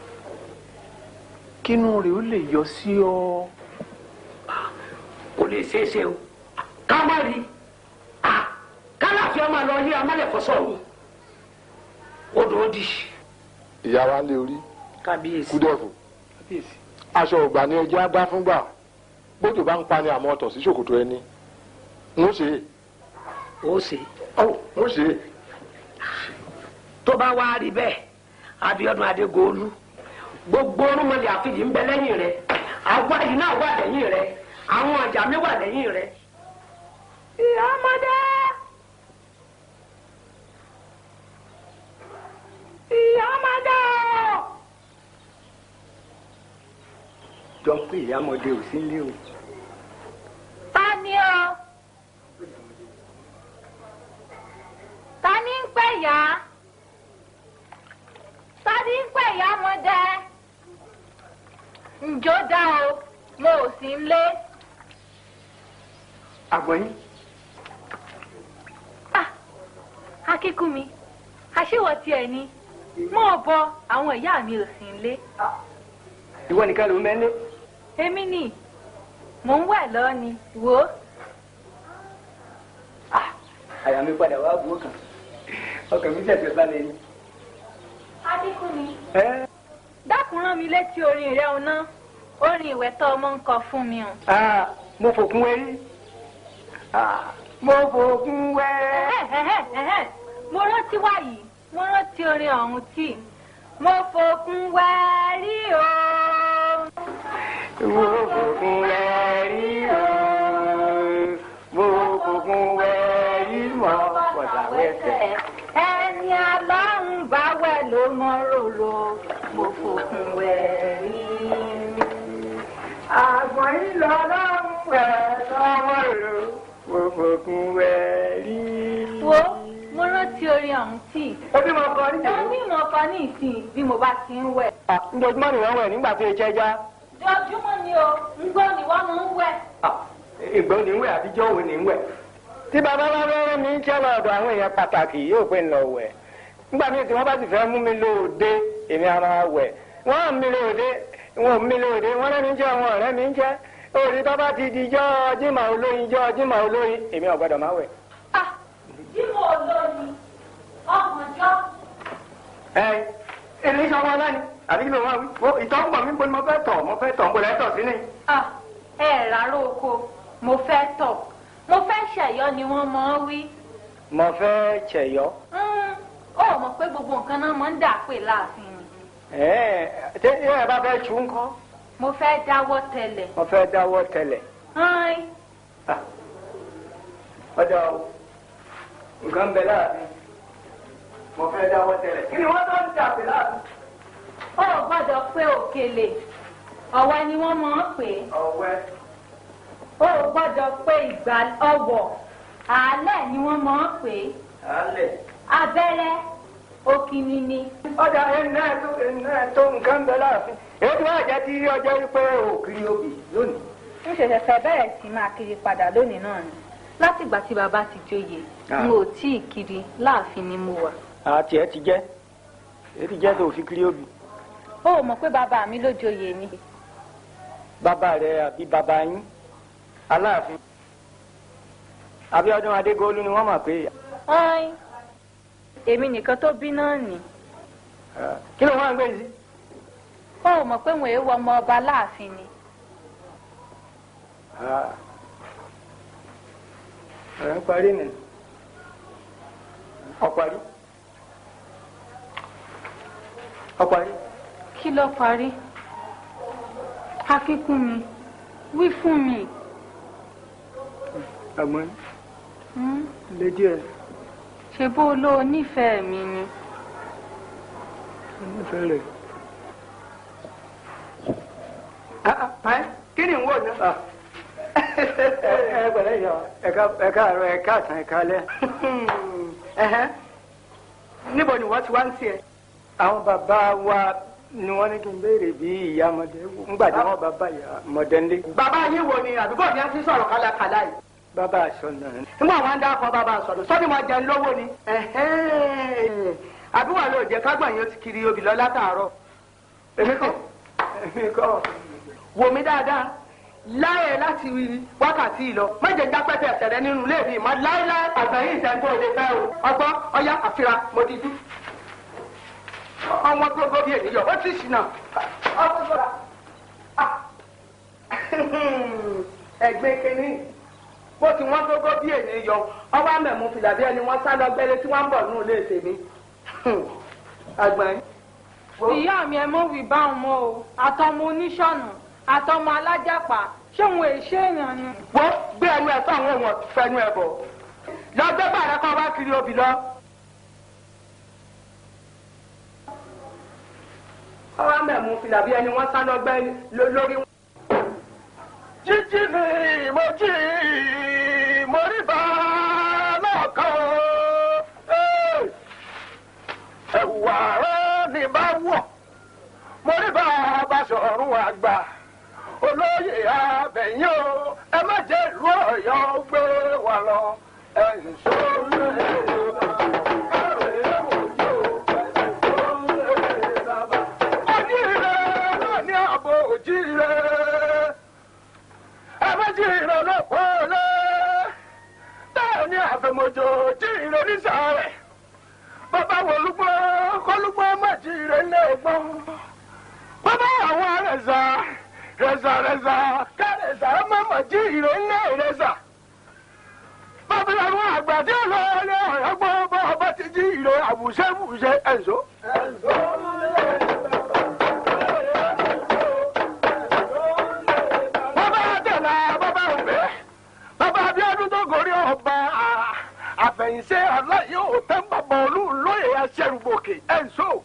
[SPEAKER 1] kínú rẹ̀ ó lè yọ sí ọ. kò lè ṣeé ṣe o ká má rí kálàfíà máa lọ ilé amálẹ̀kọ́sọ̀ mi odò ó dì. ìyá wa lé orí kúdẹ̀kù aṣọ ògbà ni ẹjẹ́ á gbá fúngbà bójú bá ń pa ni àmọ́ ọ̀tọ̀ sí ṣòkòtò ẹni ń ṣe. ó ṣe. ó ṣe.
[SPEAKER 2] tó bá wá rí bẹ́ẹ̀ Abíọ́dún Adégolú gbogbo orúnmọlẹ̀ àfijì ń bẹ lẹ́yìn rẹ, àwa yìí náà wà lẹ́yìn rẹ̀ àwọn ọjà mi wà lẹ́yìn rẹ̀. ìyá ọmọdé ìyá ọmọdé o.
[SPEAKER 1] jọ pé ìyá ọmọdé ò sí ilé o.
[SPEAKER 2] ta ni o. ta ni ń ya? tádé ń pè ya mo jẹ ǹjọ́ dá o mo ò sí ń lé. àgbọ̀yìn. Ah, akínkúnmi aṣèwọ tiẹ̀ ni mo bọ àwọn ìyá mi ò sí ń lé.
[SPEAKER 1] ìwọ nìkan ló ń bẹ ń lé.
[SPEAKER 2] èmi ni mò ń wẹ̀ lọ ni wò ó. Ah,
[SPEAKER 1] àyà mi padà wá wò ó kàn ọkàn mi tẹ̀sẹ̀ balẹ̀ ni
[SPEAKER 2] adékùnrin. dákun rán mi létí orin rẹ ọ̀nà orin ìwẹ̀ tó ọmọ ń kọ fún mi o.
[SPEAKER 1] mo fòkun wẹrí mo fòkun wẹrẹ.
[SPEAKER 2] mo rántí wáyìí mo rántí orin ọ̀hún tí mo fòkun wẹrí o. mo fòkun wẹrí o
[SPEAKER 3] mo fòkun wẹrí
[SPEAKER 2] mọ́ ẹni àlọ́ mọ́rọ̀lọ́ mo fòkun wẹ̀ àgbọ̀n yìí lọ́dọ̀ ń pẹ̀ lọ́wọ́ rẹ̀
[SPEAKER 1] mo fòkun wẹ̀ wo
[SPEAKER 2] mo rántí orin ọ̀hún tì. ebi mo kọ ní ìsìn. ebi mo kọ ní ìsìn bí mo bá ti ń wẹ̀.
[SPEAKER 1] ǹjọ́júmọ́ ah, ni wọ́n wẹ̀ nígbà tó ṣe
[SPEAKER 2] já. ǹjọ́júmọ́ ni o ńgbọ́ ni wọ́n mú wẹ̀.
[SPEAKER 1] Ah, ìgbọ́ ni ń wẹ̀ àbíjọ́ wo ni ń wẹ̀. tí bàbá bá fẹ́ mi ń ṣẹ́ lọ́dọ̀ àwọn èèyàn pàtàkì yóò pé ń lọ wẹ̀ nígbà míì tí wọ́n bá sì fẹ́ mú mi lóde èmi a máa wẹ̀ wọ́n mi lóde wọ́n mi lóde wọ́n lẹ́nu jẹ́ àwọn ọ̀rẹ́ mi ń jẹ́ òòrì tó bá ti di jọ́ jímọ̀ olóyin jọ́ jímọ̀ olóyin èmi ò gbọ́dọ̀ máa wẹ̀.
[SPEAKER 2] jímọ̀ olóyin ọmọjọ́. ẹ èmi sọ wọn lẹ́nu
[SPEAKER 1] àbí ló wọn wí ìtọ́ ń bọ̀ mí bó ni mo fẹ́ tọ̀ mo fẹ́ tọ̀ ń tọ̀ sí ni.
[SPEAKER 2] ẹ rárá oko mo fẹ́ tọ̀ mo fẹ́ ṣẹ̀yọ́ ni wọ́n mọ̀ ọ́ wí.
[SPEAKER 1] mo fẹ́ ṣẹ̀yọ́.
[SPEAKER 2] Hmm ó mọ̀ pé gbogbo nǹkan náà máa ń dà pé láàfin ni.
[SPEAKER 1] ẹ ẹ ṣé ẹ bá fẹ́ ṣu
[SPEAKER 2] ńkọ́. mo fẹ́ dáwọ́ tẹlẹ̀.
[SPEAKER 1] mo fẹ́ dáwọ́ tẹlẹ̀.
[SPEAKER 2] hàn. Ah.
[SPEAKER 1] ọjà o nǹkan bẹ láàfin mo fẹ́ dáwọ́ tẹlẹ̀. kí ni wọ́n tó ń dà pé
[SPEAKER 2] láàfin. ó gbọ́dọ̀ pé òkèlè ọ̀wẹ́ ni wọ́n máa ń pè é. ọ̀wẹ́. ó gbọ́dọ̀ pé ìgbà ọwọ̀ àálẹ̀ ni wọ́n máa ń pè é. àálẹ̀ abẹ́rẹ́ òkìní ni. ọjà ẹnà tó ẹnà tó nǹkan bẹ láàfin èyí tí wàá jẹ
[SPEAKER 1] tí ọjọ́ wípé òkìrí obì lónìí.
[SPEAKER 2] n ṣẹ̀ṣẹ̀ fẹ́ bẹ̀rẹ̀ sí máa kiri padà lónìí náà ni látìgbà tí bàbá ti joyè ah. n ò tí ì kiri láàfin ni mo wà.
[SPEAKER 1] àti ẹ ti jẹ ẹ ti jẹ tó fi kiri obì.
[SPEAKER 2] ó mọ̀ pé bàbá mi ló joyè ni.
[SPEAKER 1] bàbá rẹ àbí bàbá yín aláàfin Abíọ́dún Adégolú ni wọ́n mọ̀ pé.
[SPEAKER 2] ọ̀hún èmi nìkan tó bí náà nì. kí ló wá ń gbé yìí. ó ò mọ̀ pé wọn èé wọ ọmọ ọba láàfin ni.
[SPEAKER 1] ọ̀rẹ́ ń parí nì ọ̀parí
[SPEAKER 2] ọ̀parí. kí ló parí akínkún mi wí fún mi. àmọ́ hmm? lè díẹ̀ ṣe bó ló nífẹ̀ẹ́ mi ni.
[SPEAKER 1] nífẹ̀ẹ́ rẹ̀. Ah, ah, kí ni n wò náà. Ah. ẹ pẹ̀lẹ́ yọ ẹ̀ka àárọ̀ ẹ̀ka àtàn ẹ̀ka alẹ́.
[SPEAKER 2] níbo ni wọ́n ti wá ń tiẹ̀.
[SPEAKER 1] àwọn bàbá wa ni wọ́n ní kí n béèrè bí ìyá mọ̀dẹ́ ń gbàdé wọn bàbá ìyá mọ̀dẹ́ ń lé. bàbá yín wo ni àdúgbò yẹn ti sọ̀rọ̀ kálákálá yìí bàbá àṣọnà ni. nígbà wọn dá ọkọ bàbá àṣọnà sọ́ni mo jẹun lówó ni. àbí wà lóòjẹ kágbọ̀n yóò ti kiri obì lọ látàárọ̀. èmi kọ́ èmi kọ́ wò mí dáadáa láyé láti wákàtí lọ méje jápẹ́tẹ̀ ẹ̀sẹ̀rẹ̀ nínú ilé mi mọ́ láéláé àgbẹ̀yìn ìṣẹ́gun òde fẹ́ o ọgbọ́n ọyá àfira mo ti dú ọmọ gbogbo bíi ènìyàn ó ti ṣìnà ọgbọ́n ah. ẹgbẹ́ kínní bó ti wọ́n gógó bí èyí yọ ọwọ́ àmẹ̀mú fìlà bí ẹni wọ́n sá lọ gbẹ́lẹ́ tí wọ́n ń bọ̀ nù lé tèmi. àgbọ̀n. ìyá
[SPEAKER 2] mi ẹ mọ wí bá òun mọ o àtọmọ oníṣọ̀nà àtọmọ alájàpá ṣé òun èṣe èèyàn ni. wọ́n gbé ẹnu ẹ̀ fún àwọn
[SPEAKER 1] èèwọ̀n fẹnu ẹ̀ bọ̀ lọ gbé bàrẹ́ kan wá kiri obì lọ. ọwọ́ àmẹ̀mú fìlà bí ẹni wọ́n sá lọ gbẹ́ lórí wọn. jíjí ni mo jí. wàrà ni bá wọ̀ mo rí bá a bá sọ̀rùn àgbà olóyè abẹ̀yìn o ẹ má jẹ́ ìlú ọ̀yọ́ gbé wa lọ ẹ̀ ń sọ́ọ́lù ẹ̀rọ. jíire ẹ̀mẹ́jìire ló pọ̀ lé ní àfẹ̀mọ́jọ jíire ní sàárẹ̀ bàbá wo olúgbọ́ kọ́lúgbọ́ mọ̀ tí ire lé ọgbọ́n bàbá àwọn rẹ̀zà rẹ̀zà rẹ̀zà kárẹ̀zà mọ̀mọ̀ tí ire lé rẹ̀zà bàbá àwọn àgbà tí ó lọ lé ọ̀rọ̀ gbọ́ bọ́ ọba ti jí ire àwùṣẹ́ wùṣẹ́ ẹ̀zọ́. ẹ̀zọ́ lẹ́yìn. àfẹ̀yìnsẹ́ ọlá and so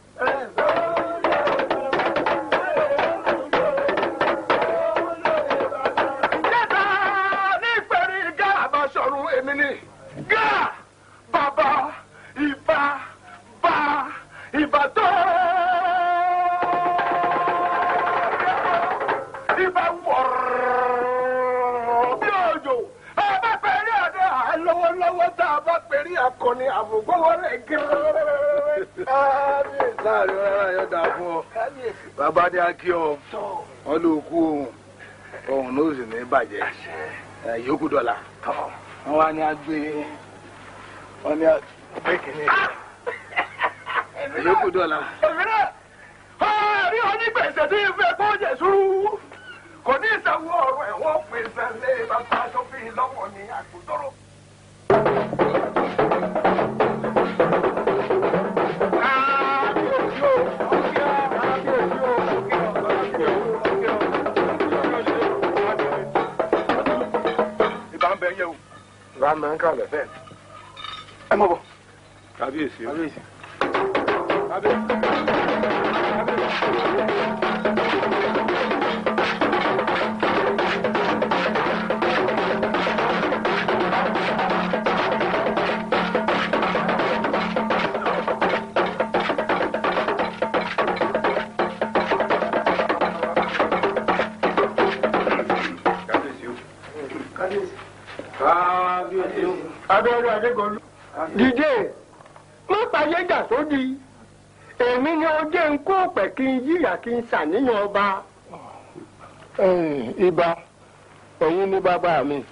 [SPEAKER 1] lára mi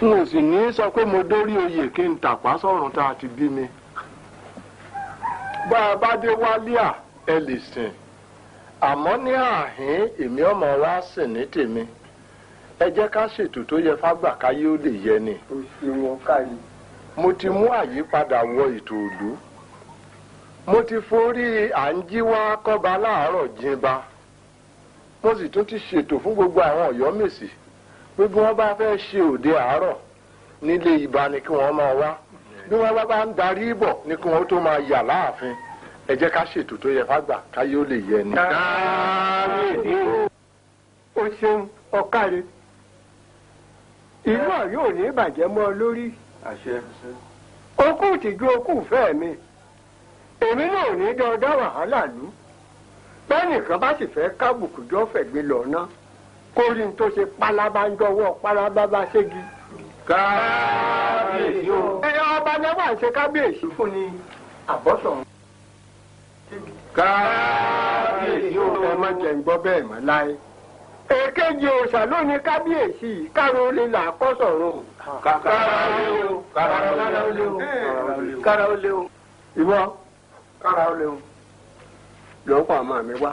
[SPEAKER 1] n ò sì ní sọ pé mo dórí oyè kí n tàpá sọ̀rùn tá a ti bí mi bá a bá dé wálíà ẹ lè sìn àmọ́ ní àhín èmi ọmọ wa sìn ní tèmi ẹ jẹ́ ká ṣètò tó yẹ fágbà káyé ó lè yẹ ni. mo ti mú àyípadà wọ ètò òlú mo ti forí à ń jí wá kọ́ba láàárọ̀ jínba mo sì tún ti ṣètò fún gbogbo àwọn ọ̀yọ́mèsì. Si gbogbo bí bá fẹ́ ṣe òde àárọ̀ nílé ìbá kí wọ́n máa wá bí wọ́n bá ń darí bọ̀ ní kí wọ́n tó máa yà láàfin ẹ ká ṣètò tó yẹ fágbà káyé ó lè yẹ ni. o ṣeun ìlú ní lórí okú tìjú okú fẹ́ mi èmi náà ní dandan wàhálà lù bẹ́ẹ̀ nìkan bá sì fẹ́ kábùkù kórì tó ṣe pálábá ń jọwọ́ pálábá bá ṣégi. kábíyèsí o. ẹ ọba ni wọn à ń ṣe kábíyèsí fún ni àbọ̀sọ̀. kábíyèsí o. ẹ má jẹ́ ń gbọ́ bẹ́ẹ̀ mọ́ láé. èkejì òòṣà ló kábíyèsí káró là kọ́sọ̀rọ̀. kára ó lé o. kára o. ìwọ. kára o. lọ́kọ̀ àmọ́ mi wá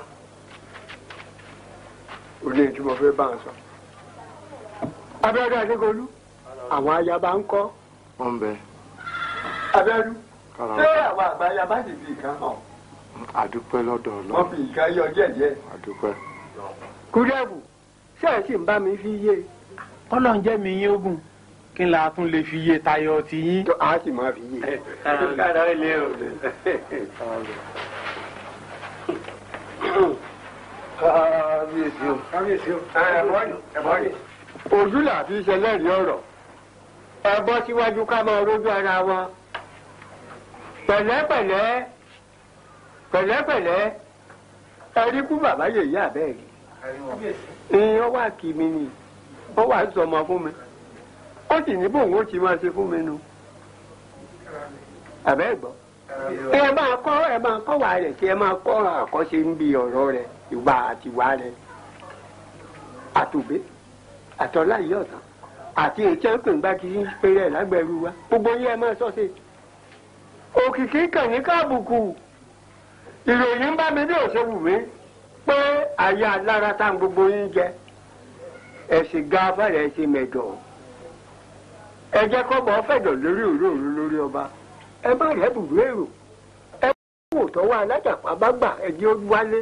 [SPEAKER 1] ò lè tí mo fẹ́ bá wọn sọ. abẹ́rẹ́ adékolú àwọn ayaba ń kọ́. wọ́n ń bẹ. abẹ́rú ṣé àwọn àgbà ayaba sì fi ìkan hàn. àdúpẹ́ lọ́dọ̀ ọlọ́run. wọ́n fi ìkan yọ jẹ́jẹ́. àdúpẹ́. kúrẹ́bù ṣé ẹ sì ń bá mi fi yé. ọlọ́run jẹ́ mi yín ogun kí n la tún lè fi yé tayọ ti yín. a sì máa fi yé. káàdà ilé o. kábíyèsí bụ kábíyèsí o. ọrụ ọrụ ojú ọ̀rọ̀ ẹ bọ́ síwájú ìwà àti ìwà rẹ àtògbé àtọ́lá yìí ọ̀tàn àti ètí ẹ̀kùn gbá kí n pe rẹ̀ lágbẹ̀rú wa gbogbo yín ẹ máa sọ́ọ̀sì òkìkí kàní káàbùkù ìròyìn ń bá mi ní òṣèlú mi pé àyà lára tá n gbogbo yín jẹ ẹ̀sìn ga afárẹ̀ ẹ̀sìn mẹ̀dọ̀ ẹ jẹ́ lórí òróòró lórí ọba ẹ má rẹ̀ bùrú èrò ẹ wò tọ́wọ́ alájàpá bá gbà ẹ wálé.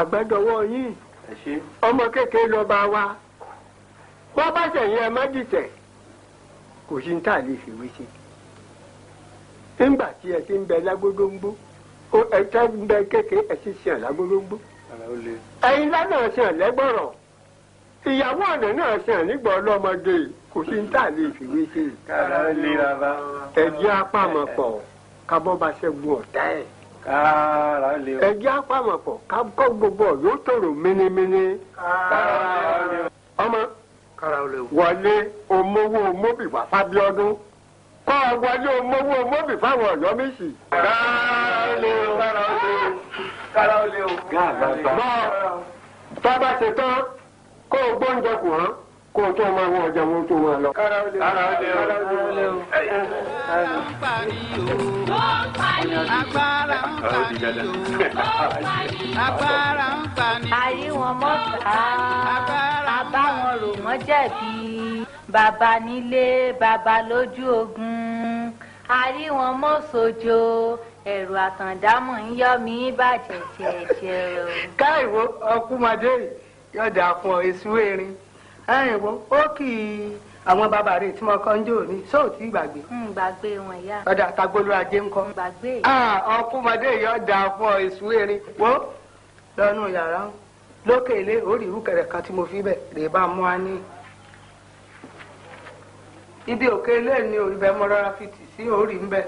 [SPEAKER 1] àgbẹ̀dọ̀wọ́ yín ọmọ kékeré lọ́ba wa wọ́n bá sẹ̀yìn ẹ má dìtẹ̀ kò sí ní tà lè fìwé sí nígbà tí ẹ ti ń bẹ lágbódóńgbó ẹ ti ń bẹ kékeré ẹ ti sàn lágbódóńgbó ẹ̀yin lánàá sàn lẹ́gbọ̀rọ̀ ìyàwó ọ̀nà náà sàn nígbà ọlọ́mọdé kò sí ní tà lè fìwé sí ẹ̀jẹ̀ apá mọ̀ pọ̀ kábọ́ bá ṣẹ́gun ọ̀tá ẹ̀ ẹjẹ́ apámọ̀pọ̀ ká kọ́ gbogbo yóò tòrò mínímíní. ọmọ wọlé omówó omóbì wá fábíọ́dún kọ́ ọ wọlé omówó omóbì fáwọn ọ̀yọ́ méjì. bọ́ọ̀ tọ́ bá ṣe tán kó o gbóúnjẹ kù hàn kó tó máa wọ ọjà mú tó máa lọ. kára ó lé o kára ó lé o. agbára ń pa ni o
[SPEAKER 2] agbára ń
[SPEAKER 1] pa ni o.
[SPEAKER 2] ayé wọn mọ́ ta àbáwọn rò wọ́n jẹ̀bi bàbá nílé bàbá lójú ogun ayé wọn mọ́ sojo ẹ̀rù àtàndámọ̀ ń yọ mí bàjẹ́ jẹ́jẹ́ o.
[SPEAKER 1] káìwó ọkùnmadé yọ̀dà fún ọ èsú erin. ẹ wo ó kì í àwọn bàbá rẹ tí mo kọ́ ń jò ní sóò tí gbàgbé.
[SPEAKER 2] ń gbàgbé wọn yá. ọ̀dà
[SPEAKER 1] tagolo ajé
[SPEAKER 2] ń kọ́. gbàgbé yìí. ọkùnmọdé yìí ọ̀dà
[SPEAKER 1] fún ọ èsù erin wo lọ́nu yàrá lókè ilé orí ìrúkẹ̀rẹ̀ kan tí mo fi bẹ̀ rè bá mú wa ní. ibi òkè ilé ni òrìbẹ́ mo rọra fi tì sí orí ń bẹ̀.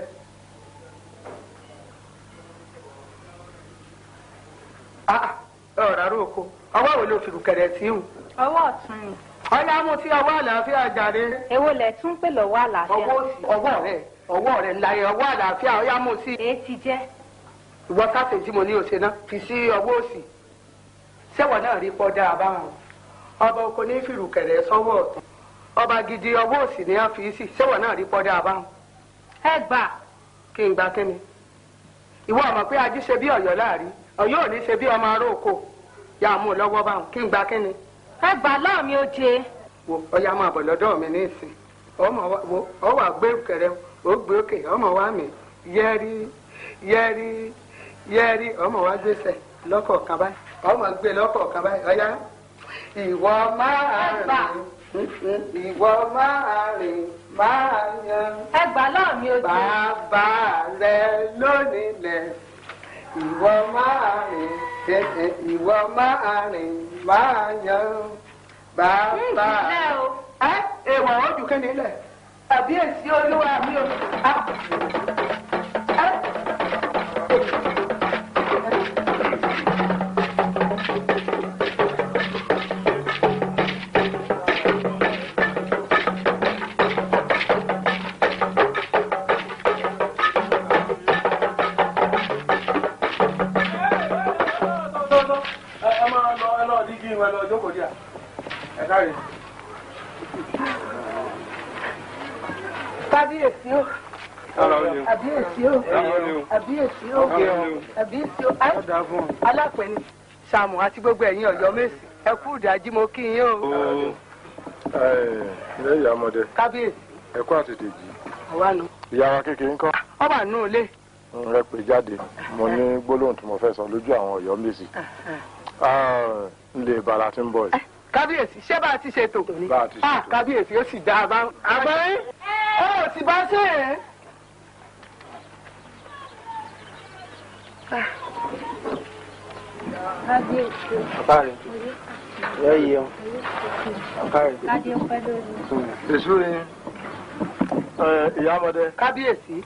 [SPEAKER 1] ọ̀rá rò kó ọwọ́ wo ló fi ìrúkẹ̀rẹ̀ sí hù.
[SPEAKER 2] ọwọ́ ọ̀tún ni. ọlá mo ti ọwọ́ àlàáfíà jàre. èwo lẹ tún pè lọ́wọ́ àlàáfíà. ọwọ́ rẹ ọwọ́ rẹ ńlá yẹn àlàáfíà ọyá mo sí. èé ti jẹ́.
[SPEAKER 1] ìwọ sáfẹ̀ tí mo ní òṣè náà fi sí ọwọ́ òsì. sẹ́wọ̀n náà rí pọ́ dáa báwọn. ọba oko ní fìrùkẹ̀rẹ̀ sọ́wọ́ ọ̀tún. ọba gidi ọwọ́ òsì ni a fi sí sẹ́wọ̀n náà rí pọ́ dáa báwọn. ẹ gbà. kí n gba kíni. ìwọ ọmọ pé ají ṣe bí ọ̀yọ́ láàrí ọ̀yọ́ ò ní ṣe bí ọmọ aróko yà á mú lọ́wọ́ báwọn
[SPEAKER 2] kí n gba kíni. ẹ gbà
[SPEAKER 1] wo ọya máa bọ̀ mi ní ìsìn ọmọ wo ọ wà gbé kẹrẹ ó gbé òkè ọmọ wa mi yẹri yẹri yẹri ìwọ máa rìn ìwọ máa rìn máa yan bàbá. ẹ ẹ wà ó jù kẹ́ni lẹ̀ àbí èsì olúwa mi ò. Sàámù àti gbogbo ẹ̀yin Ọ̀yọ́ Mèsì ẹ kú ìdájí mo kí yín o. ilé ìyá ọmọdé. kábíyèsí. ẹ kú àtètè jí. àwa nù. ìyá wa kékeré ń kọ́. ọba nù lé. n rẹ pé jáde mo ní gbólóhùn tí mo fẹ́ sọ lójú àwọn Ọ̀yọ́ Mèsì. n lè bàrà tí ń bọ̀ yìí. kábíyèsí ṣé bá a ti ṣètò. bá a ti ṣètò. kábíyèsí ó sì dá a bá. àgbọ̀nrín ó ti bá ṣe é.
[SPEAKER 2] Ah. Apare.
[SPEAKER 3] E aí,
[SPEAKER 1] ó. Apare. Èsúre ìyámọdé. Kábíyèsí.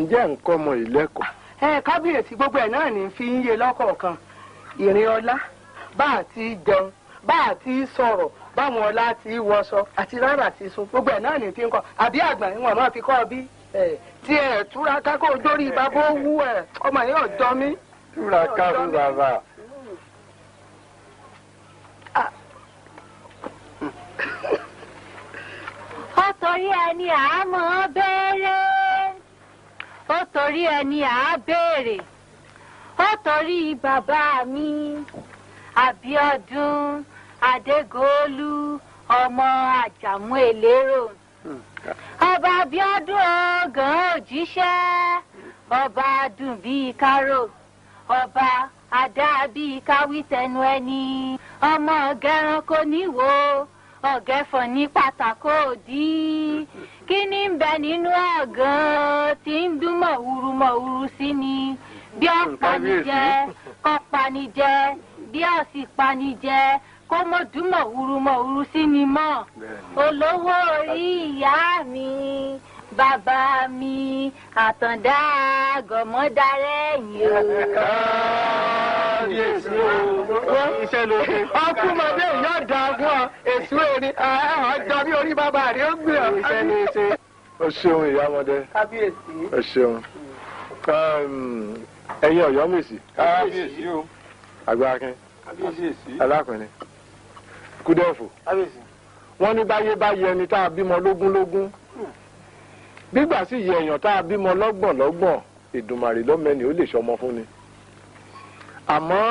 [SPEAKER 1] Ǹjẹ́ nǹkan ọmọ Ẹ gbogbo ẹ̀ náà fi ń yé lọ́kọ̀ọ̀kan. a ti jẹun bá ti sọ̀rọ̀ báwọn ọlá ti wọṣọ àti rárá ti sun gbogbo ẹ̀ náà fi ń kọ́ àbí àgbà fi kọ́ bí ẹ̀ túraká kó dórí ọmọ yẹn ò
[SPEAKER 2] ẹni àámọ̀ béèrè ó torí ẹni àá béèrè ó torí bàbá mi Abíọ́dún Adégolú ọmọ Àjàmú Elérò ọba Abíọ́dún ọgàn òjíṣẹ́ ọba dùn bíi kárò ọba adá bíi káwí ẹni ọmọ gẹranko níwò. ọ̀gẹ́fọ̀ ní pàtàkó òdì kí ní ń bẹ nínú ẹ̀ gan-an tí ń dún mọ̀wúrú mọ̀wúrú sí ni bí ó panijẹ́ kọ́ panijẹ́ bí ó sì panijẹ́ kó mọ̀ dún mọ̀wúrú mọ̀wúrú sí ni mọ́ olówó orí ìyá mi. bàbá mi àtàndá gọ̀mọ́dá lẹ́yìn
[SPEAKER 3] o.
[SPEAKER 1] iṣẹ́ ló ṣe. ọkùnmọdé yóò dá fún ọ
[SPEAKER 2] èso èrè ọjọ́ bí orí bàbá
[SPEAKER 1] rẹ̀ ó gbé ọ. iṣẹ́ ló ṣe. o ṣeun ìyámọdé. Um, kábíyèsí. o ṣeun. ẹ̀yin Ọ̀yọ́mèsì. kábíyèsí o. àgbàkin. kábíyèsí. alákùnrin. kúdẹ́ẹ̀fù. kábíyèsí. wọ́n ní báyé báyé ẹni tá a bímọ lógún lógún gbígbà sí ìyẹ èèyàn tá a bímọ lọ́gbọ̀n lọ́gbọ̀n ìdùnmàrè lọ́mẹ́ni ó lè ṣọmọ fún ni àmọ́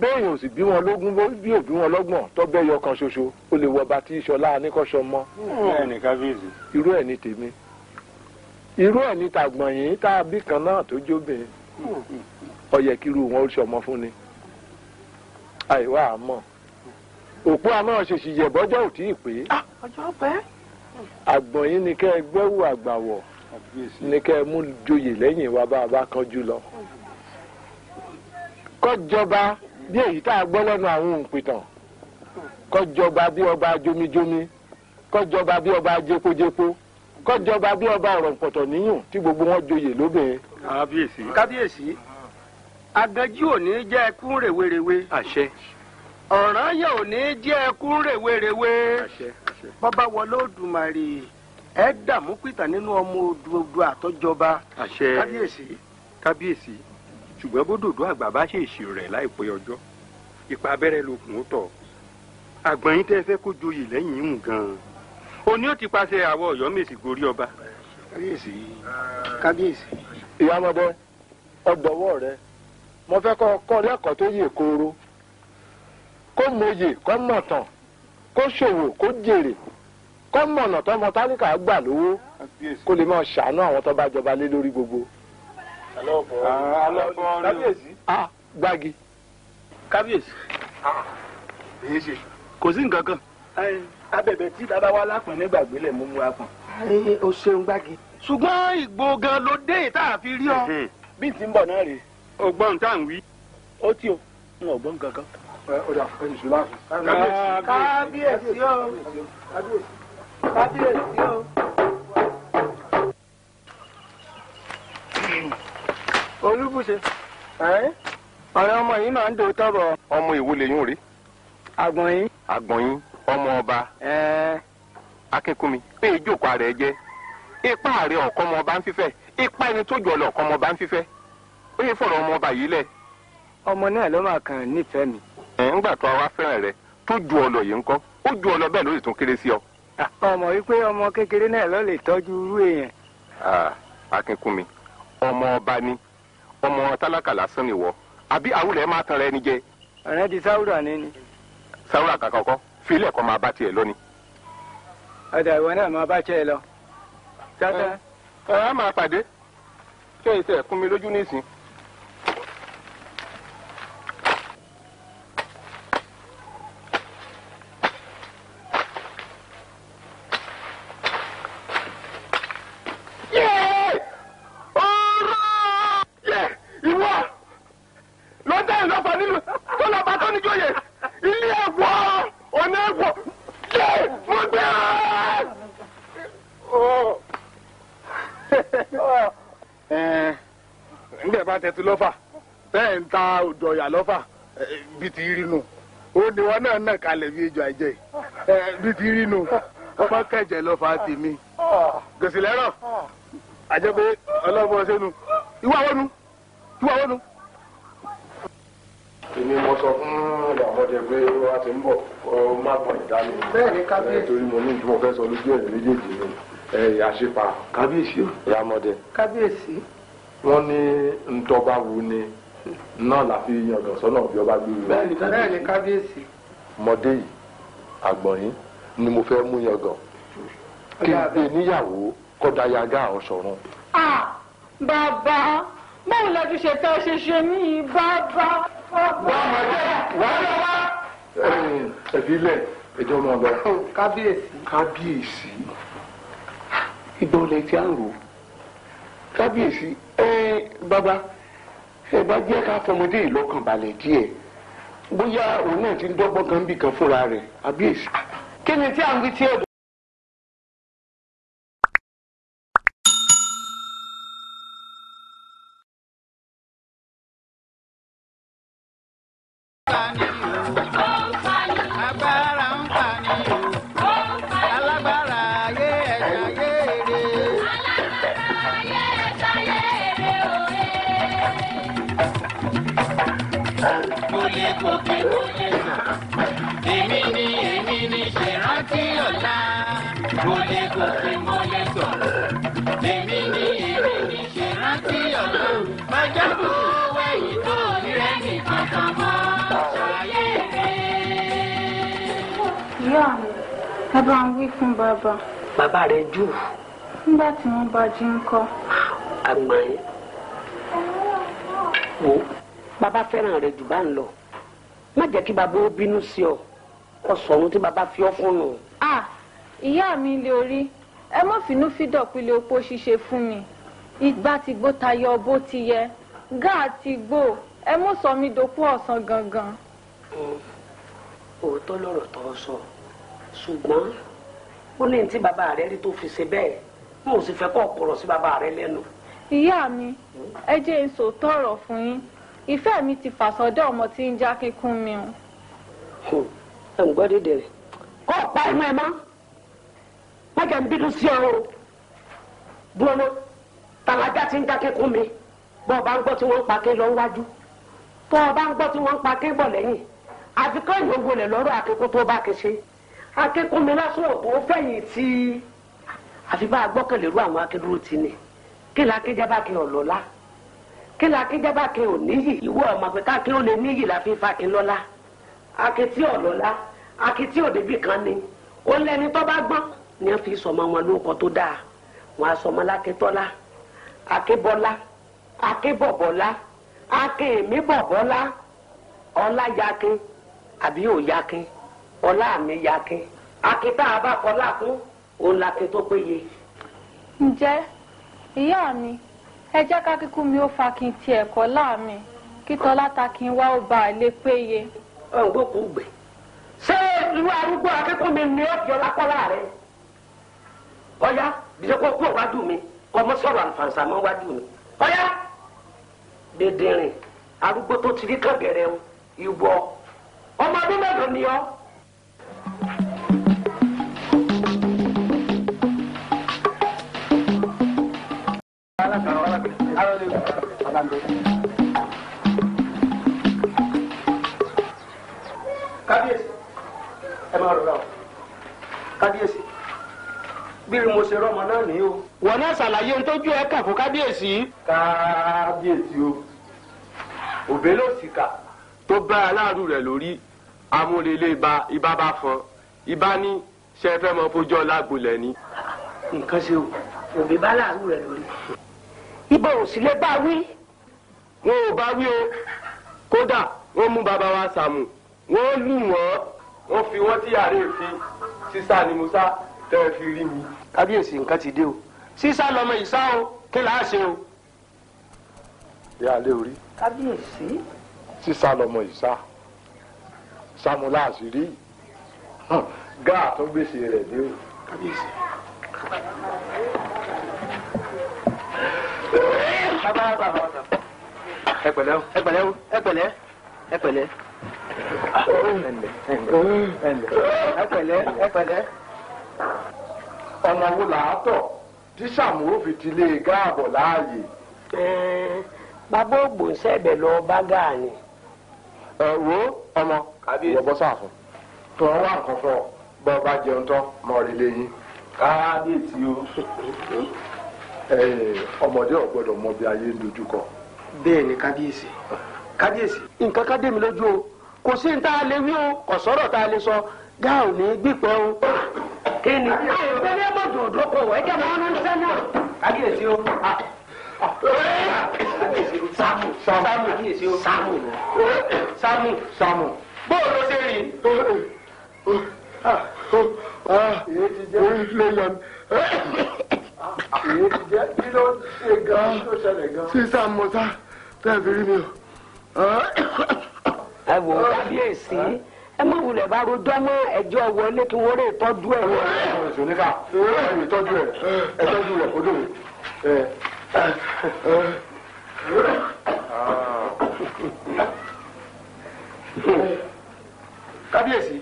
[SPEAKER 1] béèyàn ò sì bí wọn lógún bí ò bí wọn lọ́gbọ̀n tó bẹ́yọ kan ṣoṣo ó lè wọ bàtí ìṣọlá aníkọ́ṣọ mọ́. irú ẹ̀ ni tèmi irú ẹ̀ ni tàgbọ̀n yìí tá a bí kan náà tó jóbìnrin ó yẹ kíru wọn ó ṣọmọ fún ni àìwá àmọ́ òpó àmọ́ ṣèṣì yẹ̀bọ́jọ́ ò tí ì pé. Ah, ọjọ́ pẹ́ àgbọ̀n yín ni kẹ́ ẹ gbẹ́wò àgbàwọ̀ ni kẹ́ ẹ mú joyè lẹ́yìn wa bá a bá kánjú lọ. kọ́jọba bí èyí tá a gbọ́ lọ́nà àwọn òǹpìtàn kọ́jọba bí ọba jomijomi kọ́jọba bí ọba jepojépo kọ́jọba bí ọba ọ̀rọ̀ǹpọ̀tọ̀ níyùn tí gbogbo wọn joyè lóbìnrin. kábíyèsí kábíyèsí aganjú ò ní jẹ́ ẹkún rèwerèwe. àṣẹ. ọ̀ràn yẹn ní jẹ́ ẹkún rèwerèwe. àṣẹ bàbá wọlé Olódùmarè ẹ dààmú pìtà nínú ọmọ odò àtọjọba kábíyèsí. kábíyèsí ṣùgbọ́n bódòdó àgbà bá ṣèṣì rẹ̀ láìpẹ́ ọjọ́ ipa abẹ́rẹ́ lókun ó tọ̀ àgbọ̀n yín tẹ́ fẹ́ kó joyè lẹ́yìn ìhùn gan-an òní ó ti pàṣẹ àwọ Ọ̀yọ́mèsì gorí ọba. kábíyèsí kábíyèsí. ìyá ọmọdé ọgbọ̀wọ́ rẹ mo fẹ́ kọ́ ọ kọ́ lẹ́kọ̀ọ́ tó yè kooro kó mọyè kó mọ̀tàn kó ṣòwò kó jèrè kó mọ̀nà tọmọ tálíkà gbà lówó kó lè máa ṣàánú àwọn tó bá jọba lé lórí gbogbo. Ah, kábíyèsí. a gbági. kábíyèsí. Ah, kò sí nǹkan kan. abẹ̀bẹ̀ tí bàbá wa lápẹ̀ nígbàgbé lẹ̀ mú mú apọ̀n. o ṣeun gbági. ṣùgbọ́n ìgbò gan ló dé tá a fi rí ọ. bí n ti ń bọ̀ náà rèé. o gbọ́n tá à ń wí. ó ti o n ò gbọ́n kankan ọ̀dà ẹ̀yìn ṣùlá. kábíyèsí o kábíyèsí o. olúbùṣe ọ̀rẹ́ ọmọ yìí máa ń do tọ́bọ̀. ọmọ ìwo lèyún rí. àgbọ̀nyín. àgbọ̀nyín ọmọ ọba. akínkúnmi pé ìjókòó rẹ̀ jẹ́ ipa rẹ̀ ọ̀kọ́ ọmọ ọba ń fífẹ́ ipa ẹni tó jọ lọ ọ̀kọ́ ọmọ ọba ń fífẹ́ ó yẹ fọ̀rọ̀ ọmọ ọba yìí lẹ̀. ọmọ náà ló máa kàn nífẹ̀ẹ́ mi. ńgbà tó wá fẹ́ràn rẹ tó ju ọlọ yìí ńkọ́ ó ju ọlọ bẹ́ẹ̀ ló sì tún kéré sí ọ. ọmọ wípé ọmọ kékeré náà ló lè tọ́jú irú èèyàn. akínkúnmi ọmọ ọba ni ọmọ tálákà lásán ni wọ àbí àwùrẹ máa tan rẹ ni jẹ. di sáwùrà ni ni. sáwùrà kankan kọ filẹ̀ kọ́ máa bá tiẹ̀ lọ ni. ọ̀dà ìwọ náà máa bá lọ. ẹ ẹ máa pàdé ṣé mi lójú nísìnyí. náà kalẹ̀ bí ejò àjẹ́ bí ti rí nu ọmọ kẹjẹ lọ fà ti mi gèsè lẹ́rọ̀ àjẹ́ pé ọlọ́mọ sẹ́nu ìwà wọnú ìwà èmi mo sọ fún ìyàwọ́dẹ pé wá ti ń bọ̀ má gbọ̀n torí mo ní ìdúró fẹ́ lójú méjèèjì ni àṣepa kábíyèsí ìyàmọ̀dẹ. kábíyèsí. wọ́n ní ntọ́ba wo ni náà bí ọba gbé kábíyèsí. mọdé yìí àgbọ̀nyín ni mo fẹ́ mú yan gan kí n gbé níyàwó kọ́dà yàgá ọ̀ṣọ̀run.
[SPEAKER 2] bàbá báwo la ti ṣe ká ṣe ṣe mí bàbá. wàá máa jẹ wàá lọ wá.
[SPEAKER 1] ẹbí lẹ ẹjọ máa lọ. Oh, kábíyèsí. kábíyèsí ìgbà olè tí a ń rò kábíyèsí ẹ bàbá ẹ bá jẹ́ ká fọmọdé ìlọ́kànbalẹ̀ díẹ̀ bóyá òun náà ti ń dọ́gbọ́n kan bí kan fúnra rẹ̀ àbí èsì. kí ni tí à ń wí tí ẹ̀ tọ́jú.
[SPEAKER 2] nígbà tí wọ́n bá jí ń kọ́. àgbà yẹn wo bàbá fẹ́ràn rẹ jù bá ń lọ má jẹ́ kí bàbá ó bínú sí ọ kó sọ̀run tí bàbá fi ọ́ fún nù. ìyá mi lè orí ẹ má fínú fídọ̀ pilẹ̀ opó ṣíṣe fún mi ìgbà tí gbó tayọ bó ti yẹ gáà ti gbó ẹ mú sọ mi dokú ọ̀sán gangan.
[SPEAKER 1] òótọ́ lọ̀rọ̀ tó sọ ṣùgbọ́n
[SPEAKER 2] ó ní tí bàbá
[SPEAKER 1] rẹ rí tó fi ṣe bẹ́ẹ̀ mo ò sì fẹ́ kọ́ ọ̀pọ̀rọ̀ sí bàbá rẹ lẹ́nu.
[SPEAKER 2] ìyá mi ẹ jẹ́ n sòótọ́ ọ̀rọ̀ fún yín ìfẹ́ mi ti fàsọdẹ́ ọmọ tí ń já kíkún mi o. ẹ ń gbọ́ dédé rẹ̀ kọ́ ọ̀pá ẹ̀mọ́ ẹ̀mọ́
[SPEAKER 1] mẹ́kẹ̀ ń bínú sí ọ̀rọ̀ dúró tàlájà ti ń já kíkún mi bọ́ ọ bá ń gbọ́ tí wọ́n ń pa ké lọ wájú bọ́ ọ bá ń gbọ́ tí wọ́n ń pa ké bọ̀ lẹ́yìn
[SPEAKER 2] àfikọ́ ìyóngulẹ̀ lọ́rọ̀ àkíkú tó bá ké ṣe akẹ́kọ̀ọ́ mi lásán ọ̀bọ̀ fẹ̀yìn tí àfi bá a gbọ́kànlérú àwọn akẹ́dúró ti ni kí la kí jábá kí ọ̀lọ́lá kí la kí jábá kí ò níyì ìwọ ọmọ pé káàkiri ó lè níyì la fi fa kí lọ́lá akití ọ̀lọ́lá akití òdebì kan ni ó lẹ́ni tó bá gbọ́n ni wọ́n fi sọmọ wọn lóko tó dáa wọn asọmọ lákẹ́tọ́lá akébọ́lá
[SPEAKER 1] akébọ̀bọ́lá akéèmíbọ̀bọ́lá ọlá yakin
[SPEAKER 2] àbí òyakin. ọlá mi a akitá abákọlá o òun làkẹ́ tó péye. ǹjẹ́ ìyá mi ẹ jẹ́ ká kíkú mi ó fa kí ti ẹ̀kọ́ láàmì kí tọ́lá ta kí n wá ó ba àlè péye. ọ̀ ń gbókùú ṣé irú arúgbó akẹ́kọ̀ọ́ mi ni ó fi ọlákọ́lá rẹ̀?
[SPEAKER 1] ọ̀yá bìjẹ́ kó kú mi kọ́ mọ́ sọ̀rọ̀ àǹfààní mi. ọ̀yá arúgbó tó ti rí ọmọ ọdún kábíyèsí ẹ máa rọra o kábíyèsí bí mo ṣe rọmọ náà nìyí o. wọn náà ṣàlàyé ohun tójú ẹ kà fún kábíyèsí. kábíyèsí o òbẹ ló sì kà. tó bá aláàrú rẹ̀ lórí amúlélé ibà ibà bá fọn ibà ní ṣe fẹ́ mọ fojú ọlá gbolẹ̀ ni.
[SPEAKER 2] nǹkan ṣe o òbí bá aláàrú rẹ̀ lórí ibo òsì lè bá wí.
[SPEAKER 1] wọn ò bá wí o kódà wọn mú bàbá wa sàmù wọn lù wọn wọn fi wọn tí yàrá èéfín sísá ni mo sá tẹ́ ẹ fi rí mi. kábíyèsí nǹkan ti dé o sísá lọmọ ìsá o kí là á ṣe o. ìyá lé orí. kábíyèsí. sísá lọmọ ìsá sàmúlà àṣírí gáà tó gbèsè rẹ̀ dé o. kábíyèsí ẹ pẹ̀lẹ́ o ẹ pẹ̀lẹ́ o ẹ pẹ̀lẹ́ ẹ pẹ̀lẹ́ ẹ pẹ̀lẹ́ ẹ pẹ̀lẹ́. ọ̀nà wo là á tọ̀ tí sàmúrò fi ti lé e gáàbọ̀ láàyè. bàbá ògbóǹsẹ̀ ẹ̀bẹ̀ lọ bá gáà ni. ẹ wo ọmọ yọbọ sáàfún tó ọ wá nǹkan fún ọ bọ bá jẹun tán mọ ọ rí lẹ́yìn. o. ọmọdé ọgbọdọ mọ ayé ń dojúkọ. bẹ́ẹ̀ kábíyèsí kábíyèsí nǹkan ká dé mi lójú o kò sí n tá lè wí o kò sọ̀rọ̀ tá lè sọ gá ní gbípẹ́ o. kí ni àìsẹ́lẹ̀ mọ̀ dòdò kò wẹ́ kábíyèsí o. àwọ̀ ti jẹ́ kí ló ṣe gan-an tó ṣẹlẹ̀ gan-an. sísá mọ́tà tẹ́ẹ̀ fi rí mi o. ẹ wò ó kábíyèsí ẹ má wulẹ̀ bá rojọ́ mọ́ ẹjọ́ wọlé kí wọ́n lè tọ́jú ẹ̀. sùnìkà ẹ tọ́jú ẹ ẹ tọ́jú ẹ kó dòwe. kábíyèsí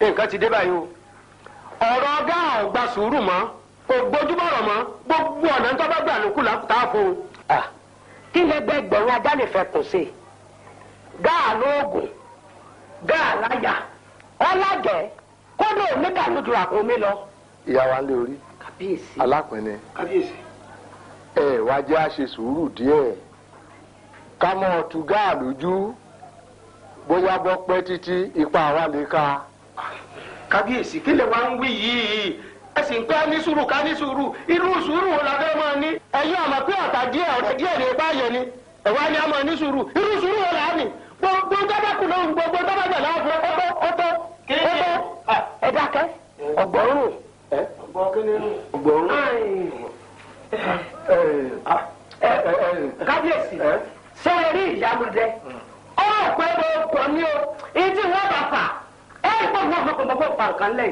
[SPEAKER 1] nǹkan ti dé báyìí o ọ̀rọ̀ ọgá ò sùúrù mọ́. kò gbójúbọ̀rọ̀ mọ́ gbogbo ọ̀nà tó bá gbà ló kù fún un. kí lè gbẹ gbọ̀rún ajá sí i gáà lóògùn gáà láyà ọlájẹ lọ. ìyá wa ń lé orí kábíyèsí ẹ wá a ṣe sùúrù díẹ̀ ká mọ̀ ọ̀tún gáà bọ́ pẹ́ títí ipa àwa lè kábíyèsí kí lè wá ń wí yìí ẹ sì ń pé ní sùúrù ká ní sùúrù irú sùúrù wo la fẹ́ máa ní ẹ̀yin àmọ́ pé ọ̀tá díẹ̀ ọ̀rẹ́ díẹ̀ lè bá yẹ ni ẹ̀wá ni a máa ní sùúrù irú sùúrù wo la ní gbogbo dábàkù náà gbogbo dábàgbà náà fún ọtọ ọtọ ọtọ ẹ dákẹ́ ọgbọrún ọgbọrún kábíyèsí ṣé ẹ rí ìyá mi dẹ
[SPEAKER 2] ọ̀pẹ bọ̀
[SPEAKER 1] ọ̀pọ̀ ni o ìdí wọn bàtà. e gbọ́dọ̀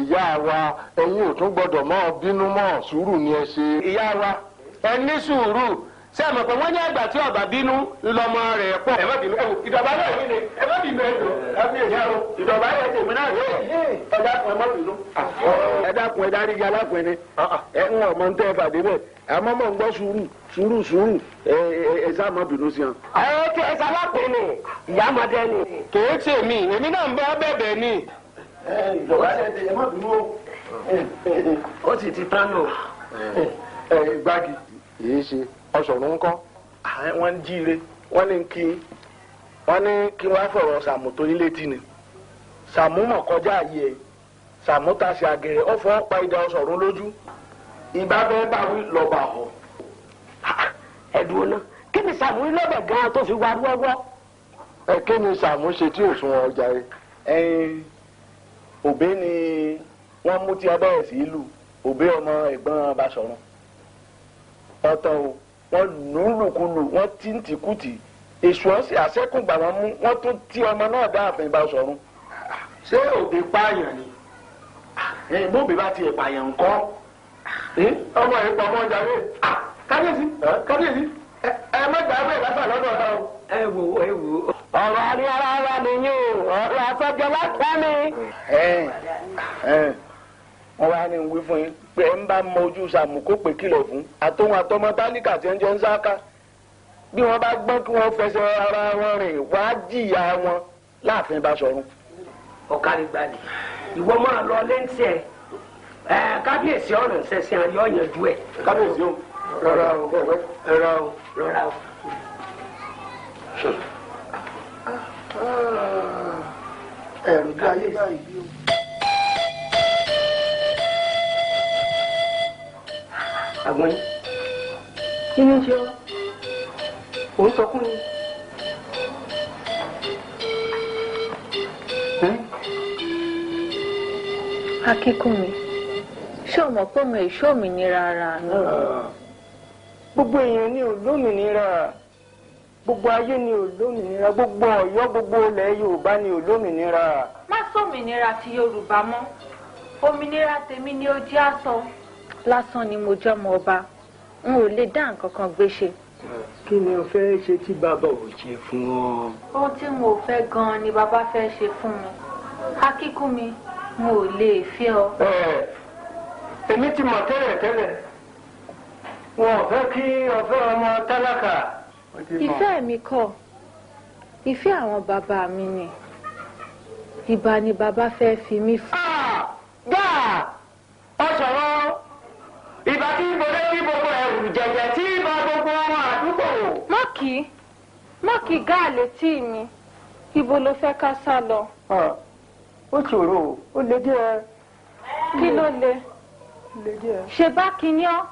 [SPEAKER 1] ìyá wa ẹ̀yin ò tún gbọ́dọ̀ mọ́ bínú mọ́ sùúrù ni ẹ ṣe. ìyá wa ẹ ní sùúrù ṣé pé wọ́n ní ẹgbà tí ọba bínú lọmọ rẹ̀ pọ̀. ẹ má àmọ́ mọ̀ ń suru suru sùúrù sùúrù ẹ̀ẹ́dá máa bínú sí wọn. ẹ ti ẹ̀sà ni ìyá máa dẹ́ kèé tè mí èmi náà ń bá bẹ̀bẹ̀ ni. ẹ ìjọba ẹ tẹ o ti tán nù. gbági. ṣe ń jíire ní kí ní kí sàmù tó sàmù ìbá bẹ́ẹ̀ bá wí lọ́ba ọ̀. ẹ̀dùn náà kí ni Sàámú lọ́bẹ̀ gan-an tó fi wá wọ́wọ́. ẹ kí ni Sàámú ṣe tí ò sun ọjà rẹ. ẹyin òbí ni wọ́n mú tí abẹ́rẹ́ sí ìlú òbí ọmọ ẹ̀gbọ́n Basọ̀run. ọ̀tọ̀ o wọ́n lù ú lùkulù wọ́n tí ń tìkùtì èṣù ọ̀sẹ̀ àṣẹ́kùngbà wọn mú wọ́n tún tí ọmọ náà dá àfin Basọ̀run. ṣé òbí pààyàn ni? ẹ̀yin bóbi bá ti ẹ̀ pààyàn ńkọ́ ọmọ yìí pọ̀ ọmọ ọjà rẹ̀ kábíyèsí kábíyèsí ẹ mẹ́ta ẹ bẹ́ẹ̀ lásán lọ́dọ̀ ọ̀tá o. ẹ wò ó ẹ wò ó. ọ̀rọ̀ àrí ara wa mi yín o ọ̀rọ̀ àtọ́jọ wá pẹ́ mi. wọ́n wá ní wí fún yín pé ń bá mọ ojú sàmù kó pè kìlọ̀ fún àtòhun àtọmọ tálíkà tí ń jẹ ń sáká bí wọ́n bá gbọ́n kí wọ́n fẹsẹ̀ ara wọn rìn wá jìyà wọn láàfin bá sọ̀rùn. ọ̀kadì gbalẹ̀ ìwọ máa lọ lẹ́ńtì ẹ̀ kábíyèsí ọ̀rọ̀ ń sẹ́sẹ́ ayé ọ̀yànjú ẹ̀. kábíyèsí o rọra o rọra o rọra o. ẹ̀rù ayé báyìí bí o. àgbọn yín kí ni jẹ́ ọ́
[SPEAKER 2] òun sọkún ni. akíkún mi ṣé o mọ̀ pé mi ò ṣe òmìnira ara ah. mi. gbogbo èèyàn ni ò lómìnira
[SPEAKER 1] gbogbo ayé ni ò lómìnira gbogbo Ọ̀yọ́ gbogbo ilẹ̀ Yorùbá ni ò
[SPEAKER 2] lómìnira. má sọ̀mìnira ti Yorùbá mọ́ òmìnira tèmi ni ó jẹ́ àtọ. lásán ni mo jọ́mọ ọba n ò lè dá nǹkan kan gbé ṣe
[SPEAKER 1] kí ni o fẹ́ ṣe tí bàbá ò ṣe fún ọ.
[SPEAKER 2] ohun tí mo fẹ́ gan-an ni bàbá fẹ́ ṣe fún mi akíkú mi mo ò lè fi ọ. Eh èmi ti mọ̀ tẹ́lẹ̀ tẹ́lẹ̀ wọn ò fẹ́ kí ọfẹ́ ọmọ tálákà. ìfẹ́ mi kọ́ ìfẹ́ àwọn bàbá mi ni ìbá ni bàbá fẹ́ fi mí fún.
[SPEAKER 1] dáa ọ sọ̀rọ̀ ìbá tí ìbọdé bí gbogbo ẹrù jẹ̀jẹ̀ tí ìbá gbogbo ọmọ àdúgbò.
[SPEAKER 2] mọ́kì mọ́kì gáà létí mi ibo ló fẹ́ ká sá lọ. ó ṣòro ó lè jẹ́. kí ló le ṣe bá kiyán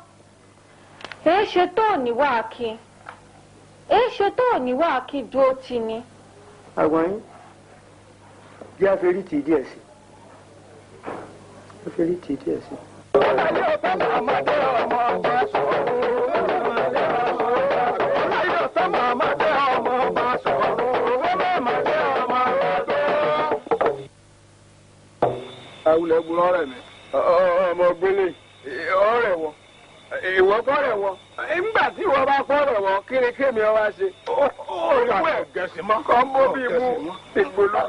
[SPEAKER 2] èé ṣe tó níwá akin èé ṣe tó níwá akin dúró ti ni.
[SPEAKER 1] àwọn yín bí a fẹ́ rí ti díẹ̀ sí a fẹ́ ti díẹ̀ sí. awulẹ̀ gbúrọ̀ rẹ̀ mi. ọmọ gbélé ọ̀rẹ́ ìwọ kọrẹ wọ tí ìwọ bá kọrẹ wọ kiri ọba ṣe ó ní wẹ gẹ̀ẹ́sì mọ́ mú ìgbòló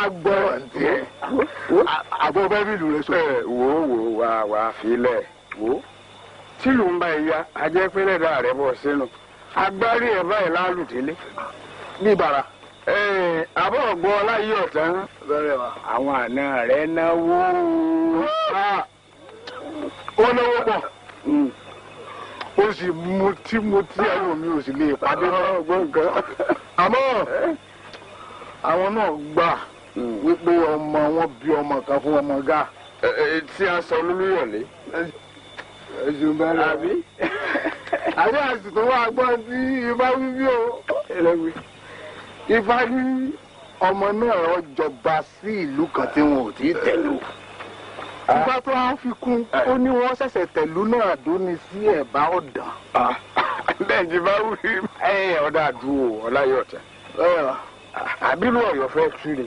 [SPEAKER 1] wá gbọ́ àbọ̀ bẹ́bílù rẹ sọ. ẹ wò ó wò ó wà wà fílẹ̀ wò ń bá ẹ ajẹ́ pé lẹ́dàá rẹ bọ̀ sínú agbárí ẹ̀ báyìí lálùdílé bí bara àbọ̀ ọ̀gbọ́n ọláyé ọ̀tán àwọn àna rẹ̀ náwó ah. ó náwó pọ̀ hmm. ó sì mutí mutí àwọn mi ò sì lè pàdé ah, àmọ́ àwọn náà gbà wípé ọmọ wọn bí ọmọ kan fún ọmọ gá. tí a sọ olúyọ̀lé. ẹ̀sùn bẹ́ẹ̀ àbí. àbí àsìkò wa gbọ́ sí ifá wíwí o. ifá ní ọmọ náà ọjọba sí ìlú kan tí wọn ò tí ì tẹ̀lé o ah. ìgbà tó a fi kún eh. ó ní wọ́n ṣẹ̀ṣẹ̀ tẹ̀lú náà dóni sí ẹ̀bá ọ̀dàn. lẹ́yìn bá wí. ẹ ọ̀dà àdúró ọ̀la yóò tẹ̀. àbílù ọ̀yọ́ fẹ́ tú ni.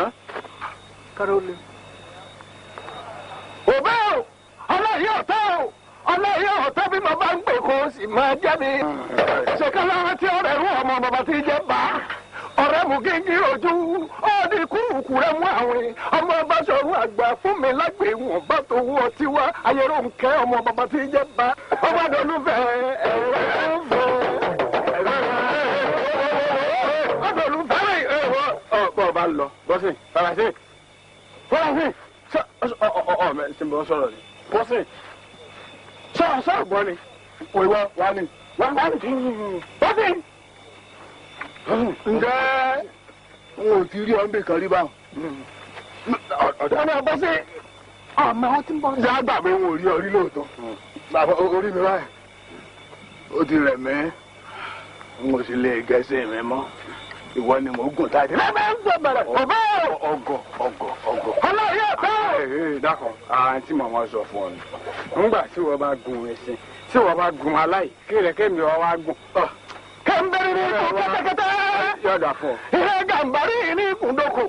[SPEAKER 1] obe Òbẹ́ o, ọlọ́yẹ ọ̀tá o, ọlọ́yẹ ọ̀tá bí mo bá ń pè kó o sì máa jẹ́ mi. ọ̀rẹ́ rú ọmọ bàbá ti jẹ́ bá. Ọ̀rẹ́ gígí ojú, mú àwìn. Ọmọ bá sọ̀rọ̀ àgbà fún mi lágbè bá tó wú ọtí ọmọ Ọba ẹ̀rọ ń lọ bọ́sìn faransé faransé ọ ọ ọ mẹ ṣe ń bọ́ sọ̀rọ̀ ni bọ́sìn sọ̀rọ̀ sọ̀rọ̀ gbọ́ ni òye wa wà ní wà wà ní bọ́sìn. ǹjẹ́ n ò ti rí ọ̀nbẹ kan rí báwọn. ọ̀dọ́ bọ́sìn ọmọ wọn ti ń bọ̀. ǹjẹ́ àgbà mi ń rí orí lóòótọ́ bàbá orí mi báyìí ó ti rẹ̀ mí n ò sì lè gẹ̀ẹ́sì mi mọ́ ìwọ ni mo gùn táyé. ẹ bẹ ń sọ bẹ̀rẹ̀ bàbá o. ọgọ ọgọ ọgọ. ọlọ yẹ bẹ. ee dákọ àwọn tí màmá sọ fún ọ ni ńgbà tí wọn bá gun ẹsìn tí wọn bá gun aláì kí rẹ kẹmi wọn wá gun. Ah. kẹ́ńbẹ́rì ní ikú kẹ́tẹ́kẹ́tẹ́. yọ̀dà fún ọ. ilé gàmbárì ní ìkúndókò.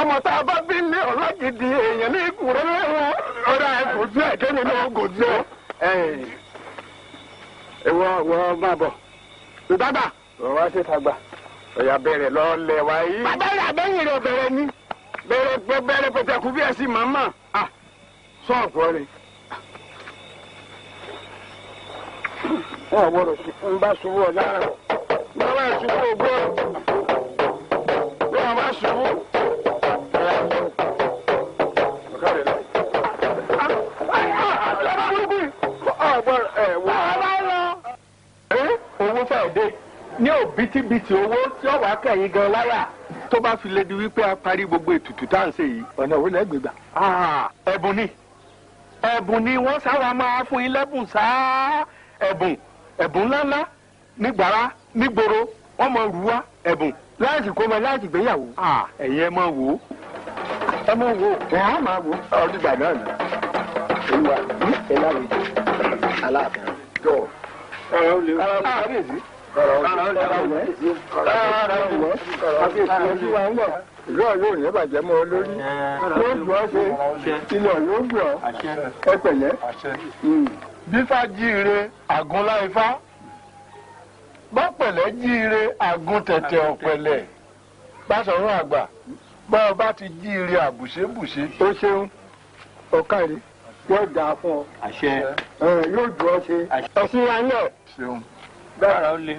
[SPEAKER 1] ọmọ tá a bá bí ní ọlọ́jìdì èèyàn ní ikú ọ̀rẹ́ ẹ̀kọ́ díẹ̀ ọ̀yà bẹ̀rẹ̀ lọ́lẹ̀ wáyé. bàbá rẹ̀ àbẹ́yìn rẹ̀ bẹ̀rẹ̀ ni bẹ̀rẹ̀ bẹ̀rẹ̀ pẹ̀tẹ̀kù bí ẹ̀sìn màmá sọ̀ọ̀kù rẹ̀. wọn gbọ́dọ̀ sí n bá ṣubú ọ lára bàbá ẹ ṣubú ọ gbọ́ wọn bá ṣubú. owó fàdé ní òbítíbitì owó tí ó wà kẹ̀yìn gan láyà tó bá fi lè di wípé a parí gbogbo ètùtù tá à ń ṣe yìí. ọ̀nà òwe lẹ́gbẹ̀ẹ́ gbà. Ah, ẹ̀bùn ni ẹ̀bùn ni wọ́n sáwà máa fún yín lẹ́bùn sáá ẹ̀bùn ẹ̀bùn ńláńlá nígbàrá nígboro wọ́n mọ rú wá ẹ̀bùn láti kó mọ láti gbéyàwó. Ah, ẹ̀yin ẹ mọ wò ó. ẹ mọ wò ó. ẹ̀ á máa wò ó. ọdún ìgbà náà ni olúwa ẹ̀ láwùjọ aláàbò. jọ ọ̀rọ̀ olè. ọ̀rọ̀ olè àfihàn wa ń bọ̀ ìlú ọ̀yọ́ ò ní bàjẹ́ mọ́ ọ lórí yóò dùn ọ́ ṣe ilẹ̀ yóò dùn ọ́ ẹ pẹ̀lẹ́. bífá jíire àgúnlá ifá bá pẹ̀lẹ́ jíire àgún tẹ̀tẹ̀ ọ̀pẹ̀lẹ̀ bá sọ̀rọ̀ àgbà bá ọ bá ti jíire àbùṣebùṣe. ó ṣeun ọ̀kàrí yóò dáa fún ọ yóò dùn ọ́ ṣe ọ̀sìn wa náà. dáàdi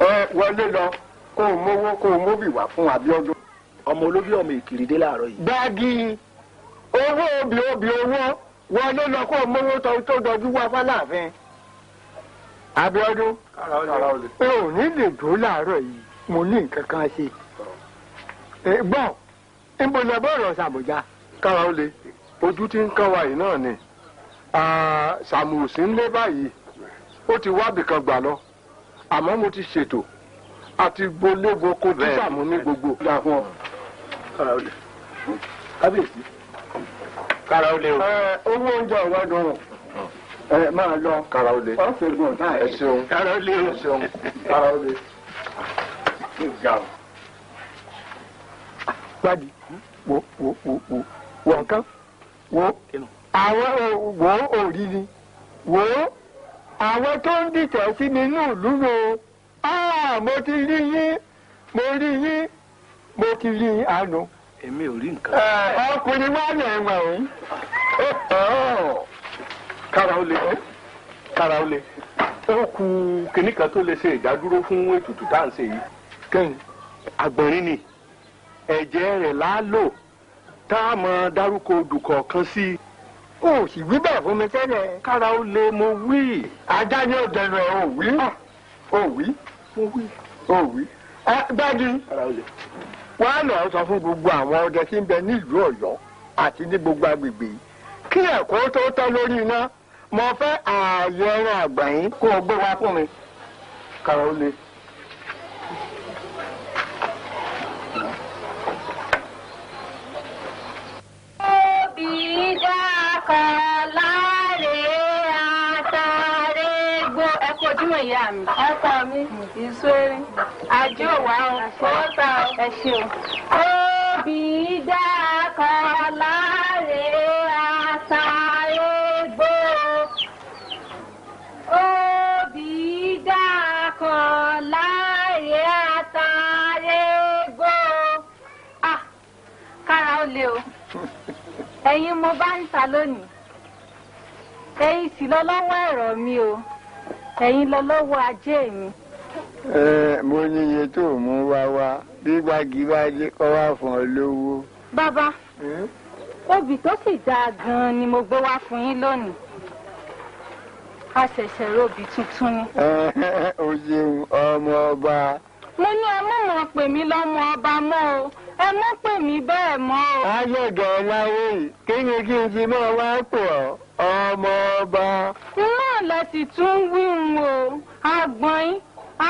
[SPEAKER 1] ẹ wọlé lọ kó mówó móbì wá fún Abiodun. ọmọ olóbí ọmọ ìkiri dé yìí. obì obì owó wọlé lọ mówó tó dọjú wá fáláàfin. Abiodun, o ní lè yìí mo ní nǹkan kan ṣe. tí ń náà ni. sàmùsí ńlé báyìí ó ti wábì kan gbà lọ àmọ́ mo ti ṣètò àti gbólógun kó tí sàmù ní gbogbo. kábíyèsí kára ó o. owó oúnjẹ ọ̀wá dùn ẹ máa lọ kára ó lé ọ̀sẹ̀ gbọ̀n táà ẹ ṣeun kára ó o ṣeun kára ó gbadi wo wo wo wo nǹkan wo àwọn wò ó òrí ni wò ó àwọn tó ń dìtẹ̀ sí mi inú ìlú wo ah, mo ti rí yín mo rí yín mo ti rí yín àánú. èmi ò rí nǹkan. Eh, ọkùnrin wà ní ẹ̀wọ̀n òun. kára ó le kára ó le ó ku kinní kan tó lè ṣe ìdádúró fún ètùtù tá à ń ṣe yìí. kẹ́hìn agbọ̀nrín ni ẹ̀jẹ̀ rẹ̀ láálò tá a mọ dárúkọ odù kọ̀ọ̀kan sí i o sì wí bẹ́ẹ̀ fún mi tẹ́lẹ̀. kára ó lè mo wí. ajá ni ó dẹrẹ o wí. o ah. wí. mo wí. o wí. ẹ bẹ́ẹ̀ni wọ́n á lọ sọ fún gbogbo àwọn ọdẹ tí ń bẹ nílùú Ọ̀yọ́ àti ní gbogbo agbègbè yìí kí ẹ̀kọ́ tó tọ́ lórí iná mo fẹ́ ààyè ẹran àgbà yín kó o gbé wa fún mi. kára ó lè.
[SPEAKER 2] ìjà kọ̀ọ̀lá rèé àtàrẹ gbó ẹkọ ojúmọ̀ ìyá mi. ọkọ mi ìṣó erin àjọ wà ó owó ta ó ẹ ṣe o. obì ìjà kọ̀ọ̀lá rèé àtàrẹ gbó. obì ah, kára ó le o. ẹ̀yin mo bá ń ta lónìí ẹ̀yin sì lọ lọ́wọ́ ẹ̀rọ mi o ẹ̀yin lọ lọ́wọ́ ajé mi. ẹ
[SPEAKER 1] mo ní iye tó mú wá wá bí gbági bá dé kọ́ wá fún ọ lówó.
[SPEAKER 2] bàbá obì tó sì dáa gan-an ni mo gbé wá fún yín lónìí a ṣẹ̀ṣẹ̀ robì tuntun ni.
[SPEAKER 1] o ṣeun ọmọ ọba.
[SPEAKER 2] mo ní ẹ mọ̀ mọ̀ pè mí lọ́mọ ọba mọ́ o ẹ má pè mí bẹ́ẹ̀ mọ́ o.
[SPEAKER 1] ayọ̀dọ̀ làwọn kí ni kí n ti máa wá pọ̀ ọmọ ọba.
[SPEAKER 2] náà lẹ sì tún wí n o àgbọ̀n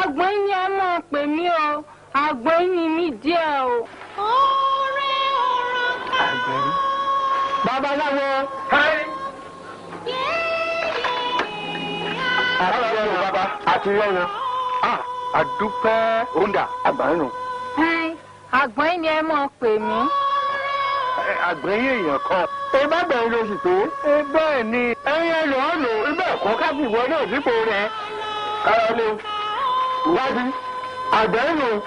[SPEAKER 2] àgbọ̀n ni ẹ máa pè mí o àgbọ̀n ni mí díẹ̀ o. orí ọ̀rọ̀ kan.
[SPEAKER 3] babaláwo.
[SPEAKER 1] àti yọ̀nà ah, àdúpẹ́ òǹdà àgbà nínú
[SPEAKER 2] àgbọ̀n ni ẹ mọ̀ pè mí.
[SPEAKER 1] àgbọ̀n yé èèyàn kan. ẹ bá gbẹ̀yìn lóṣù pé. ẹ bẹ́ẹ̀ ni ẹyin ẹ lọ́ọ́ lò ó bẹ́ẹ̀ kọ́ káfí ìwọ náà dípò rẹ̀. káyọ̀lé wájú àgbẹ̀yìn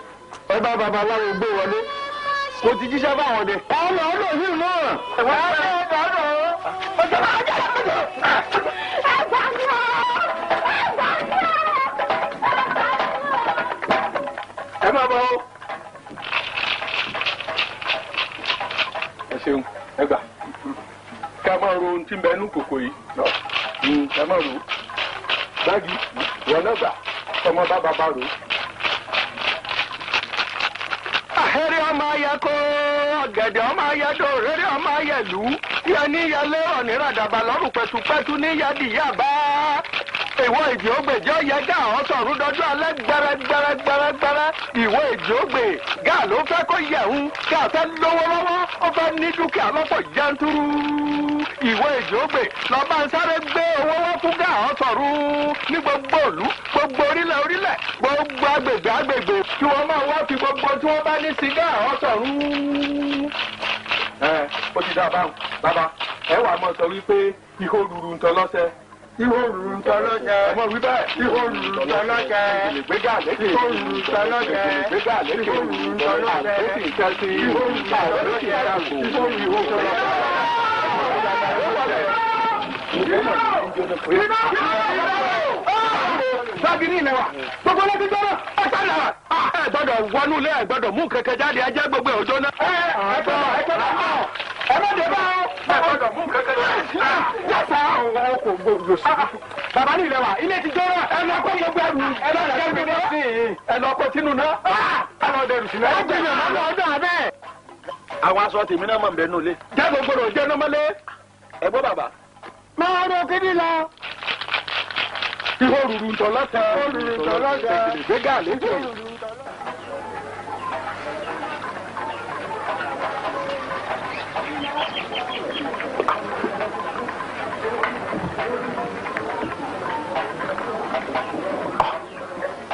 [SPEAKER 1] ẹ bá babaláwo gbé wọlé kò ti jíṣẹ́ fáwọn ọdẹ. ọ̀nà ọ̀nà òsì náà. ẹ̀wọ̀n ọ̀nà ọ̀nà ọ̀nà ọ̀nà ẹ máa bọ̀ ọ́. ẹgbà ká máa ro ohun tí ń bẹ nú kòkò yìí hmm, ká máa ro báàgì wọ bá ro. ọmọ ayẹ kó ọ̀gẹ̀dẹ̀ ọmọ ayẹ dó rẹ́rẹ́ ọmọ ayẹ lù yẹ lọ́rùn pẹ̀tùpẹ̀tù òkè ìwọ ìjì ògbè jẹ́ ọ̀yẹ́ gá àwọn sọ̀rún dọ́jú alẹ́ gbẹrẹgbẹrẹgbẹrẹ ìwọ ìjì ògbè gá ló fẹ́ kó yẹ̀hún gá fẹ́ lówó lọ́wọ́ ó fẹ́ ní dúkìá lọ́pọ̀ jẹ́ntúrú ìwọ ìjì ògbè lọ́ba ń sáré gbé owó wọ́n fún gá àwọn sọ̀rún ní gbogbo òlú gbogbo orílẹ̀ orílẹ̀ gbogbo agbègbè agbègbè tí wọ́n máa wá fi gbogbo tí wọ́n bá ní sí gá àwọn sọ̀rún. ẹ ó ti dá a báwọn bàbá ẹ wàá mọ sọ wípé ìhó lulu ń tọ lọ́sẹ̀ Ìwọ òrùn tọ́lọ́jẹ. Ọmọ wí bẹ́ẹ̀. Ìwọ òrùn tọ́lọ́jẹ. Ìgbéga lédè. Ìwọ òrùn tọ́lọ́jẹ. Ìgbéga lédè. Ìwọ òrùn tọ́lọ́jẹ. Ó sì tẹ́ sí. Ìwọ òrùn tọ́lọ́jẹ. Ìwọ òrùn
[SPEAKER 3] tọ́lọ́jẹ.
[SPEAKER 1] Sábìrì ilẹ̀ wa, gbogbo olóògbé gbọ́dọ̀, ẹ sáré wa. Ẹ gbọ́dọ̀ wọnú ilé ẹ gbọ́dọ̀ mú kẹ̀kẹ́ jáde ẹ jẹ́ gbogbo ẹ̀ òjò náà. Ẹ ẹ tọ́lá ẹ tọ́lá ẹ má dé bá ọ. má gbọ́dọ̀ mú kankan yẹn. yàtọ̀ àwọn kò gbòòrò sí. Ah, ah. bàbá ní ìrẹwà ilé ti jọra. ẹ lọ kó gbogbo ẹrù. Ah, ẹ lọ kó gbogbo ẹrù. ẹ lọ kó tinú náà. ká lọ dẹrù sí náà. ẹ jẹ́ ìrànlọ́wọ́ ọdún abẹ́. àwọn aṣọ tèmi náà mọ̀ nbẹ nulẹ̀. jágò gbòòrò jẹ́ nọ́mọ́lé. ẹ gbọ́ bàbá. máa ro kíní lọ. ihò rùrù ntọ́lọ́tẹ̀. ihò rùrù ntọ́lọ́tẹ̀. gbégà lé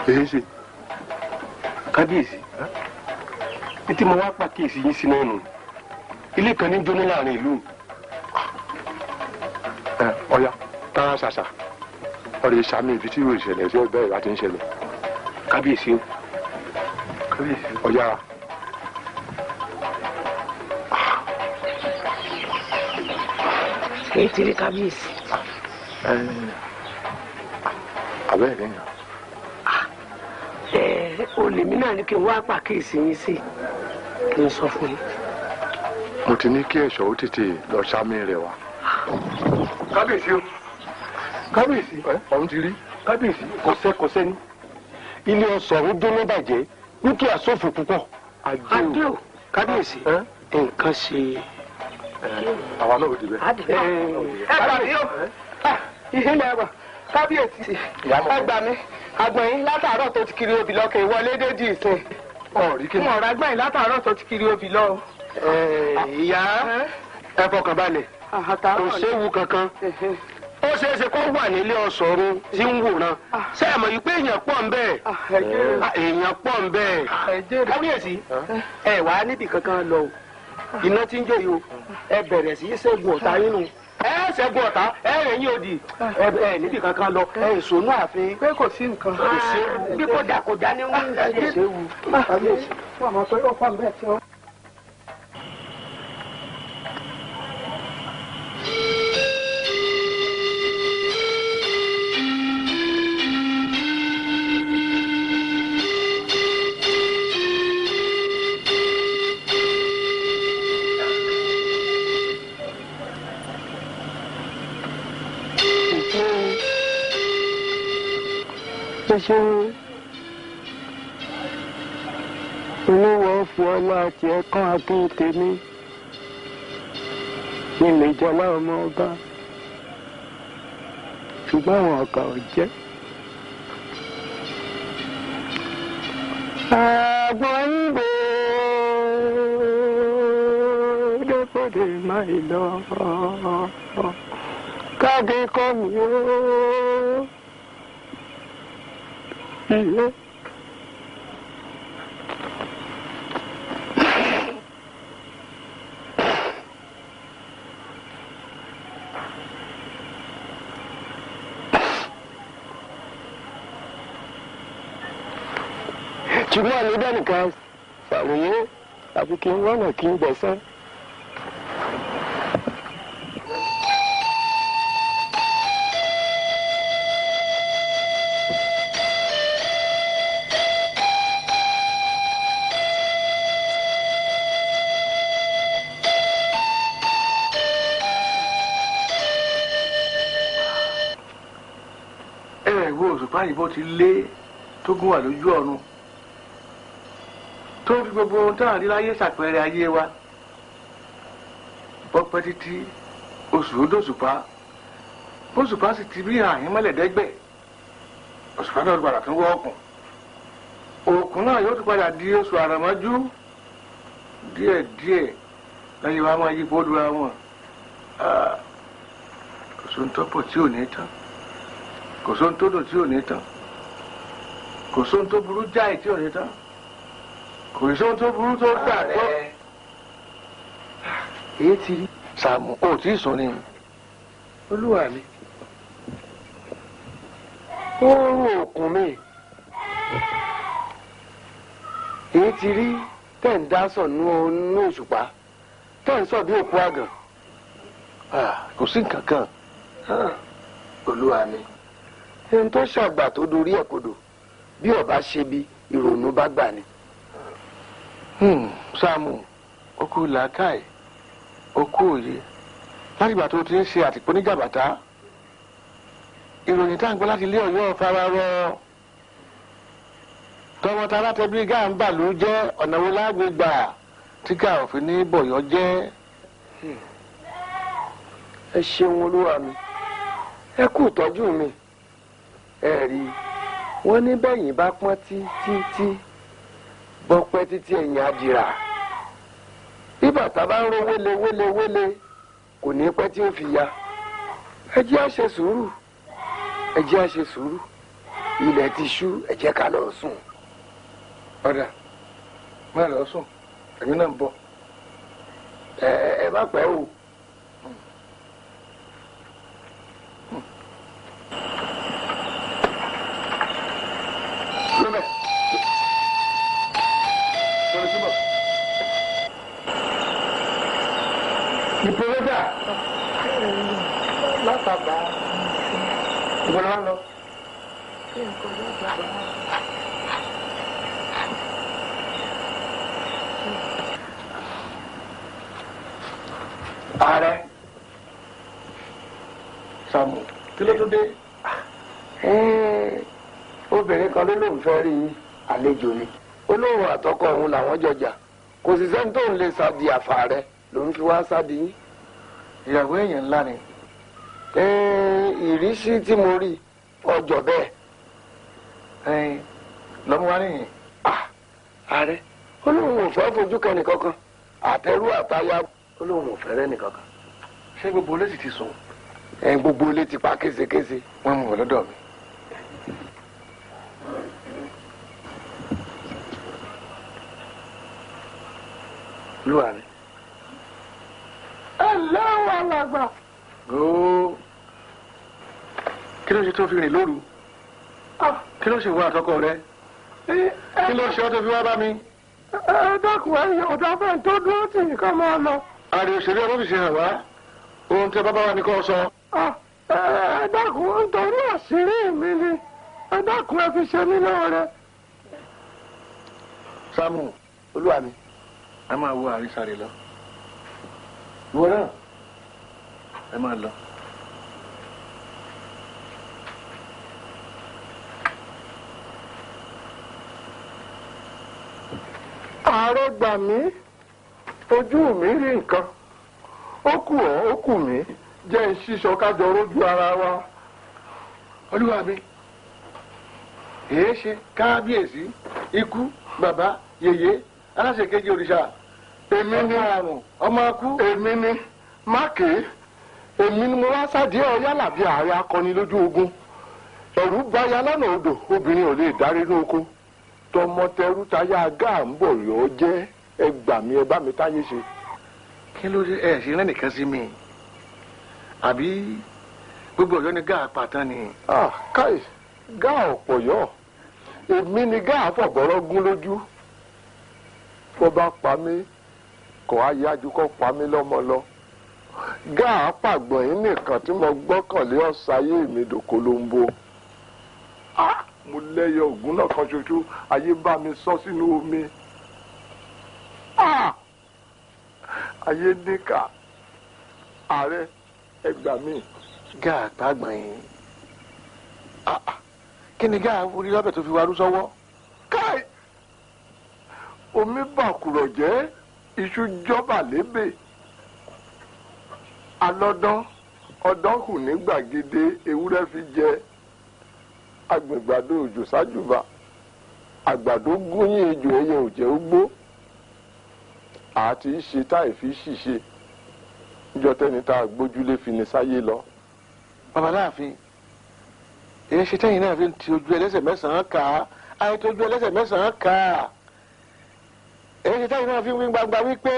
[SPEAKER 1] èyí ṣe kábíyèsí ní tí mo wá pàkíyèsí yín sí náà nù ilé kan ní jóná láàrin ìlú ọ̀ya tààrà ṣàṣà ọ̀rẹ́ sàmì ibi tí yóò ṣẹlẹ̀ sí ọgbẹ́ ìwà tí ń ṣẹlẹ̀ kábíyèsí o kábíyèsí ọ̀ya. èyí ti rí kábíyèsí. abẹ́rẹ́ yẹn. o lèmi náà ní kí n wá pàkíyèsí yín sí kí sọ fún yín. mo ti ní kí ẹ̀ṣọ́ ó tètè lọ sámi rẹ̀ wá. kábíyèsí o kábíyèsí ọ̀hún ti rí kábíyèsí ni ilé ọ̀sán ọ̀hún jóná bàjẹ́ dúkìá ṣòfò púpọ̀. adé kábíyèsí nǹkan ṣe. àwa náà ò dìbẹ́. ẹ gbà mí àgbọ̀n yín látàárọ̀ tó ti kiri obì lọ kè wọlé dé di ìsìn mọ̀ rágbọ̀n yín látàárọ̀ tó ti kiri obì lọ. ìyá ẹ fọkàn balẹ̀ kò séwu kankan ó ṣeé ṣe kó wà nílé ọ̀sọ̀run tí ń wòran ah. ṣé ẹ mọ̀ yìí pé èèyàn pọ̀ ń bẹ́ẹ̀ ah, ah, èèyàn pọ̀ ń bẹ́ẹ̀ kábíyèsí ẹ wà níbì kankan lọ iná tí ń jó yìí o ẹ bẹ̀rẹ̀ sí í ṣègùn ọ̀tá yín nù ẹ ṣẹ́gun ọ̀tá ẹ rẹ̀ yín òdì ẹ níbi kankan lọ ẹ ìṣònú ààfin. pé kò sí nǹkan. kò séwu bí kò dà kò dá ní wọn. kò séwu kábíyèsí. wọ́n mọ̀ pé
[SPEAKER 2] ó pọ̀ bẹ́ẹ̀ tí wọ́n.
[SPEAKER 3] ṣíṣe olówó
[SPEAKER 1] fi ọlá tiẹ̀ kán akin tèmi nílé ìjọba ọmọ ọba ṣùgbọ́n àwọn ọ̀gá ò jẹ́. àgbọn ìgbò
[SPEAKER 3] lókòdè máa lọ káàdì kọ́ mi ó. Hello.
[SPEAKER 1] ṣùgbọ́n àlébẹ́nìkan ṣàròyé àfi kí n wọ́nà kí n gbẹ̀sán. ìbọn ti lé tó gún wà lójú ọ̀run tó fi gbogbo ohun táwọn adíláyé ṣàpẹẹrẹ ayé wa bọ́pẹ́ títí oṣù odòṣùpá bóṣùpá sì ti bí àyín mọ́lẹ̀dẹ́gbẹ̀ òṣùpá náà gbàdà tó wọ́ ọkùn òkun náà yóò tún padà di oṣù àràmọ́jú díẹ̀díẹ̀ lẹ́yìn wa máa yí bọ́dúra wọn oṣù ah, tó pọ̀ tí ò ní tán kò sóhun tó dùn tí ò ní tán kò sóhun tó burú jáì tí ò ní tán kò sóhun tó burú tó gbà tó. èyí ti rí Sàámú o tí ì sùn ni olúwa mi oorun òkun mi èyí ti rí tẹ̀ ń dá sọ̀ nú òṣùpá tẹ̀ ń sọ̀ bí òkú àgàn kò sí nǹkan kan olúwa mi. ẹni tó ṣàgbà tó dorí ẹ̀ kodò bí ọba ṣe bí ìrònú bá gbà ni. Hmm, Sáàmù okú làákàyè okú òye láti tó ti ń ṣe àtìpó ní jàbàtà ìròyìn táǹgbọ́ láti ilé Ọ̀yọ́ fara rọ tọmọtara tẹbí gáà ló jẹ́ ọ̀nà wo láàgbé gbà tí ká òfin ní bọ̀yọ́ jẹ́. Hmm. ẹ ṣeun olúwa mi ẹ mi. ẹ̀rí wọ́n ní bẹ́yìn bá pọ́n tí tí tí bọ́pẹ́ títí ẹ̀yìn àdìrà bí bàtà bá ń ro wéle wéle wéle kò ní pẹ́ tí ó fi ya ẹ jẹ́ á ṣe sùúrù ẹ jẹ́ á ṣe sùúrù ilẹ̀ ti ṣú ẹ jẹ́ ká lọ sùn. ọ̀dà má lọ sùn èmi náà ń bọ̀. ẹ ẹ má pẹ́ o. ìbọn lọ́wọ́ lọ. ààrẹ Sàámú kí ló tó dé obìnrin kan ló lóun fẹ́ rí àlejò ni olóhùn àtọkọ òun làwọn jọjà kò sì sẹ́ni tó ń lè sádi àfà rẹ lòun fi wá sádi yín ìyàwó èèyàn ńlá ni ìrísí tí mo rí ọjọ́ bẹ́ẹ̀ lọ́mọ wa nìyí ah, ààrẹ olóhùn ò fẹ́ fojú kan nìkankan àtẹrú àtayá olóhùn ò fẹ́ rẹ́ nìkankan ṣé gbogbo olè sì ti sùn. ẹ gbogbo olè ti pa késekése wọn mú wọn mi. lúwa ni. ẹ lọ́wọ́ àwọn àgbà ooo oh. kí ló ṣe tó fi rìn lóru ah. kí ló ṣe wá àtọkọ rẹ eh, eh, eh. kí ló ṣe ọ tó fi wá bá mi. ẹ dákun ẹ̀yin ọ̀dà fẹ́ tó dúró tì í ká máa lọ. àrè òṣèré ọlọ́run ṣe hàn wá ohun tí bàbá wa ah, ní kò sọ. ẹ dákun nítorí àṣírí mi ni ẹ dákun ẹ fi ṣe mí lóore. Sámù olúwa mi a máa wo àrísàrè lọ. ìwọ náà ẹ máa lọ. ààrẹ gbà mí ojú mi rí nǹkan ó kù ọ́ ó kù mí jẹ́ ń ṣíṣọ kájọ rójú ara wa olúwa mi èé ṣe kábíyèsí ikú bàbá yèyé aláṣẹ kejì òrìṣà èmi ni àrùn ọmọ akú èmi ni mákèé. èmi ni mo wá sádìí ọ̀yá làbí ààrẹ akọni lójú ogun ẹ̀rù bà ya lọ́nà odò obìnrin ò lè dárí ní oko tọmọtẹrú táyà àgá ń bọ̀ yọ ọ jẹ́ ẹ gbà mí ẹ bá mi táyé ṣe. kí ló dé ẹ ṣe lẹ́nìkan sí mi àbí gbogbo ọ̀yọ́ ni gáà pàtàn ni. káì gáà ọ̀pọ̀ yọ èmi ni gáà fọ̀gbọ́rọ́ gún lójú kó bá pa mí kó á yájú pa mí lọ́mọ lọ. gáà pàgbọ́n yín nìkan tí mo gbọ́kànlé ọ̀sáyé mi dòkolombo mo lẹ́yọ ògùn náà kan ṣoṣo ayé bá mi sọ sínú omi ayé níkà ààrẹ ẹgbà mi. gáà pàgbọ́n yín kí ni gáà orí lábẹ́ tó fi wá rú sọ́wọ́. káì omi bàkùrọ̀ jẹ́ iṣu jọba lébè alọ́dán ọdán hù ní gbàgede ewúrẹ́ fi jẹ agbègbàdo òjò sájùbà àgbàdo gúnyìn ejò ẹyẹ òjẹ́ ogbó àti ṣe táì fi ṣìṣe níjọ́ tẹ́ni tá a gbójúlé fi ní sáyé lọ. babaláàfin èyí ṣe tẹ́yìn náà fi ti ojú ẹlẹ́sẹ̀ mẹ́sàn kà á àìtójú ẹlẹ́sẹ̀ mẹ́sàn kà á. èyí táwọn náà fi ń gbangba wípé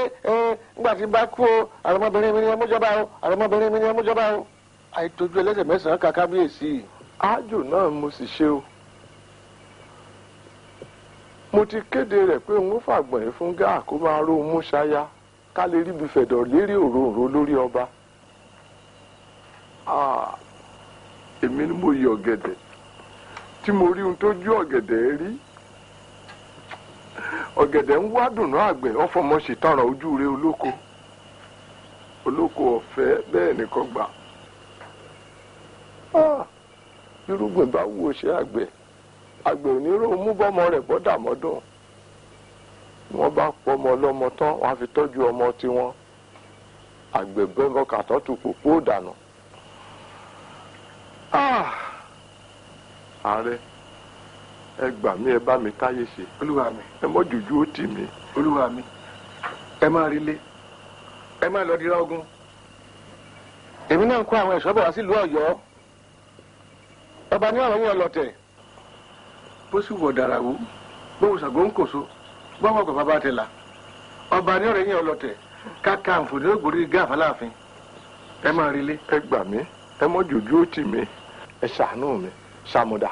[SPEAKER 1] ńgbà tí bá kú o àrọmọbìnrin mi ni ẹ mú jọba o àrọmọbìnrin mi ni ẹ mú jọba o àìtójú ẹlẹ́sẹ̀ mẹ́sàn-án ka kábíyèsí yìí. náà mo sì ṣe o mo ti kéde rẹ̀ pé n ó fàgbọ̀n yìí fún gáà kó máa ró mú ṣáyá ká lè ríbi fẹ̀dọ̀ lérí òróǹro lórí ọba èmi ni mo yọ ọ̀gẹ̀dẹ̀ tí mo rí ohun tó ju ọ̀gẹ̀dẹ̀ rí. ọ̀gẹ̀dẹ̀ ń wá dùnú àgbẹ̀ ọ̀fọ̀mọ̀ sì tọrọ ojú rẹ olóko olóko ọ̀fẹ́ bẹ́ẹ̀ nìkan gbà ah, irúgbìn bá wù ó ṣe àgbẹ̀ àgbẹ̀ onírò mú bọ́mọ rẹ̀ bọ́dà mọ́dún wọ́n bá pọ́mọ ọlọ́mọ tán wọ́n á fi tọ́jú ọmọ tiwọn àgbẹ̀ bẹ́ńgọ́ kàtọ́ tù pòpó dànù. Ah, ààrẹ. Ah. ẹ gbà mí ẹ bá mi táyé ṣe. olúwa mi. ẹ mọ jòjú ó tì mí. olúwa mi ẹ máa rí ilé ẹ máa lọ dira ogun èmi náà ń kó àwọn ẹ̀ṣọ́ bọ̀ wá sílùú ọ̀yọ́ ọba ní ọ̀rọ̀ yẹn lọ́tẹ̀ bó sì wọ̀ dàràwó bóun ṣàgó ń kòso bọ́wọ́ bàbá bá ti ọba ní ọ̀rọ̀ yẹn lọ́tẹ̀ káka nfòdì ògbórí gáàfà láàfin ẹ máa rí ilé. ẹ gbà mí ẹ mọ jòjú ó tì mí ẹ ṣàánú mi ṣàmùdà.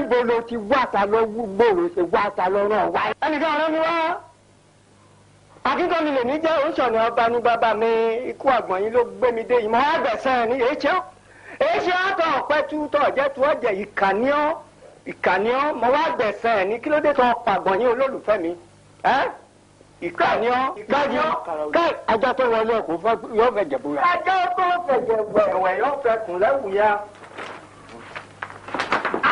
[SPEAKER 1] níbo ló ti wá àtàlọ́ gbòòrò ṣe wá àtàlọ́ ràn wá. ẹnìkan ọ̀rẹ́ mi wá akíkanmi lèmi jẹ́ oṣọ̀nì ọba ní bàbá mi ikú àgbọ̀n yín ló gbé mi dé yìí mọ́ ni èé ṣe ọ́ ọ̀pẹ́ tú tọ̀ jẹ́ tú ọ̀jẹ̀ ìkànnì ọ́ ìkànnì wá àgbẹ̀sán ni kí ló dé tọ́ pàgbọ̀n yín olólùfẹ́ mi ìkànnì ọ́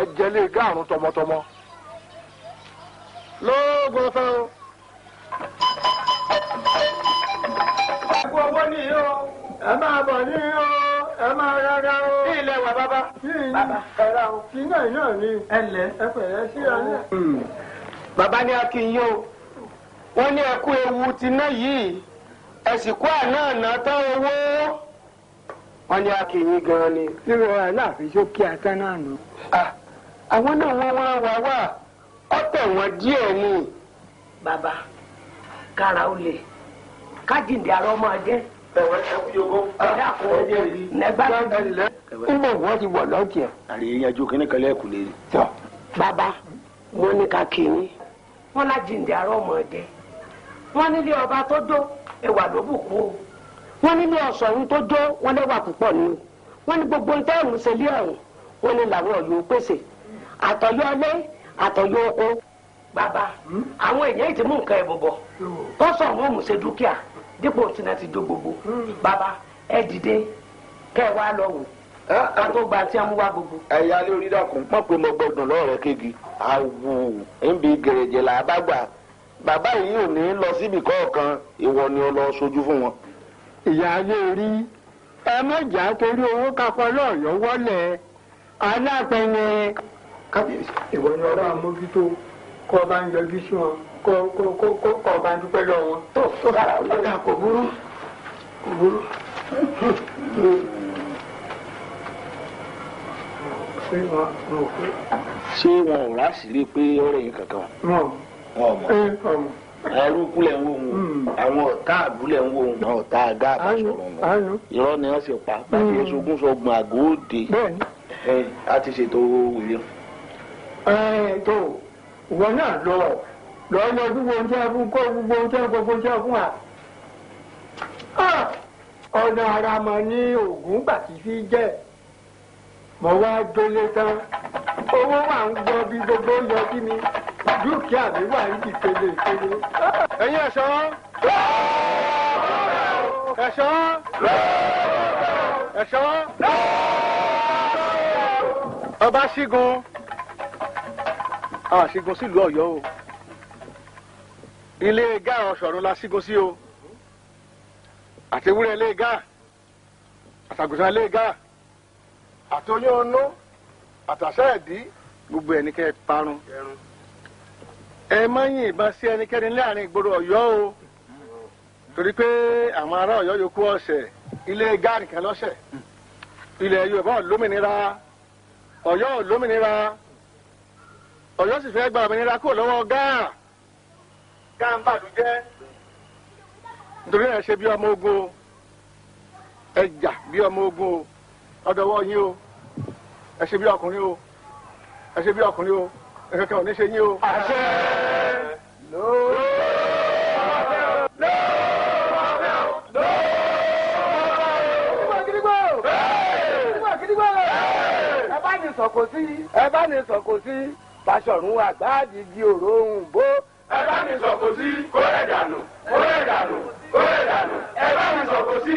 [SPEAKER 1] ẹ̀jẹ̀ lè tọmọtọmọ. lóògùn ọ̀fẹ́ o. ẹ̀kú ní yìí o ẹ máa bọ ní o ẹ máa rárá o. kí ilẹ̀ wa bàbá. kí ilẹ̀ ẹ̀rá o. kí náà ni. ẹ lẹ. ẹ sí hmm. bàbá ní akínyìn o wọ́n ní ewu ti ná yìí ẹ̀sìnkú àná àná tán owó wọ́n ní gan-an ni. nínú ọ̀rọ̀ náà nù. Ah. àwọn náà wọ́n wá wá wá ọ̀tẹ̀ wọn díẹ̀ ni. bàbá kára ó lè kájíǹde ẹ̀wọ̀n nẹ́gbà tó ń wọ́n ti wọ̀ ẹ̀. yanjú lè rí. bàbá wọn ní ká kiri wọn lájíǹde àrọ wọn nílé ọba tó wọn nílé tó dó wọn wọn ní gbogbo wọn ní làwọn àtọ̀yọ́ alẹ́ àtọ̀yọ́ oko bàbá hmm? àwọn èèyàn ti mú nǹkan ẹ̀ bọ̀bọ̀ tọ́sán wọn mú ṣe dúkìá dípò tí náà ti do gbogbo hmm. bàbá ẹ dìde kẹ́ ẹ wá lọ wò ah, ah. ká tó gba tí a mú wá gbogbo. ẹ̀yà lé orí dàkún mọ̀ pé mo gbọ́dọ̀ lọ́rẹ̀ẹ́ kéegi àwù ẹ̀ǹbì gẹ̀rẹ̀jẹ̀ là bá gbà bàbá yìí ò ní lọ síbi kọ̀ọ̀kan ìwọ ni ó lọ sojú fún wọn. ìyá ayé rí ẹ mọ̀jà torí owó kakọ lọ́ọ̀yọ́ wọlé alápẹ̀yẹ kábíyèsí ìwọ ni ọba àmójútó kọ́ ọba ń yọjú sí wọn kọ́ ọba ń dúpẹ́ lọ́wọ́ wọn tó tó dára ọjà kò burú kò burú. ṣé wọn ò rá sí lé pé ọ̀rẹ́ yìí kankan wọn ò mọ̀ ẹrúkú lẹ̀ ń wò wọn hmm. àwọn ọ̀tá àbúlẹ̀ ń wò wọn àwọn ọ̀tá àgá àbàṣọ̀rọ̀
[SPEAKER 3] wọn
[SPEAKER 1] irọ́ ni wọ́n sì pa bàtí ẹ̀ṣogún hmm. sọgbọ̀n àgọ́ òde a ti ṣètò wèrè ẹ tó ìwọ náà lọ lọ lọ gbogbo ohun tí a fún kọ gbogbo ohun tí a gbogbo tí a fún wa. ọ̀nà ara mọ̀ ní oògùn gbàtí fi jẹ́ mo wá délé tán owó wà ń gbọ́ bí gbogbo yọ sí mi dúkìá mi wà ń dìkele ìkele. ẹ̀yin ẹ̀ṣọ́ ẹ̀ṣọ́ ẹ̀ṣọ́ ọba ṣígun àṣìgun sílùú Ọ̀yọ́ o ilé gáà ọ̀ṣọ̀run la ṣígun sí o àti ewúrẹ́ ilé gáà àtàgùsàn ilé gáà àtọyún ọnú àtàṣà ẹ̀dí gbogbo ẹ̀ ní kẹ́ ẹ parun ẹ má yìn ìbọn sí ẹnikẹ́ni láàrin ìgboro Ọ̀yọ́ o torí pé àwọn ará Ọ̀yọ́ yòókù ọ̀sẹ̀ ilé gáà nìkan lọ́sẹ̀ ilẹ̀ Yorùbá ò lómìnira Ọ̀yọ́ ò lómìnira. Ọ̀yọ́ sì fẹ́ gba òmìnira kúrò lọ́wọ́ gáà gáà ń bàdú jẹ́ nítorí ẹ ṣe bí ọmọ ogun o ẹ bí ọmọ ogun o ọdọwọ yín o ẹ ṣe bí ọkùnrin o ẹ ṣe bí ọkùnrin o ẹkẹkẹ ò ní ṣe yín o. àṣẹ ló ẹ bá ní sọ̀kò sí. ẹ bá ní sọ̀kò sí fàṣọrun àgbáàdì di òró ohun bó. ẹ bá mi sọ̀kò sí kó rẹ̀ dànù kó rẹ̀ dànù kó rẹ̀ dànù ẹ bá mi sọ̀kò sí.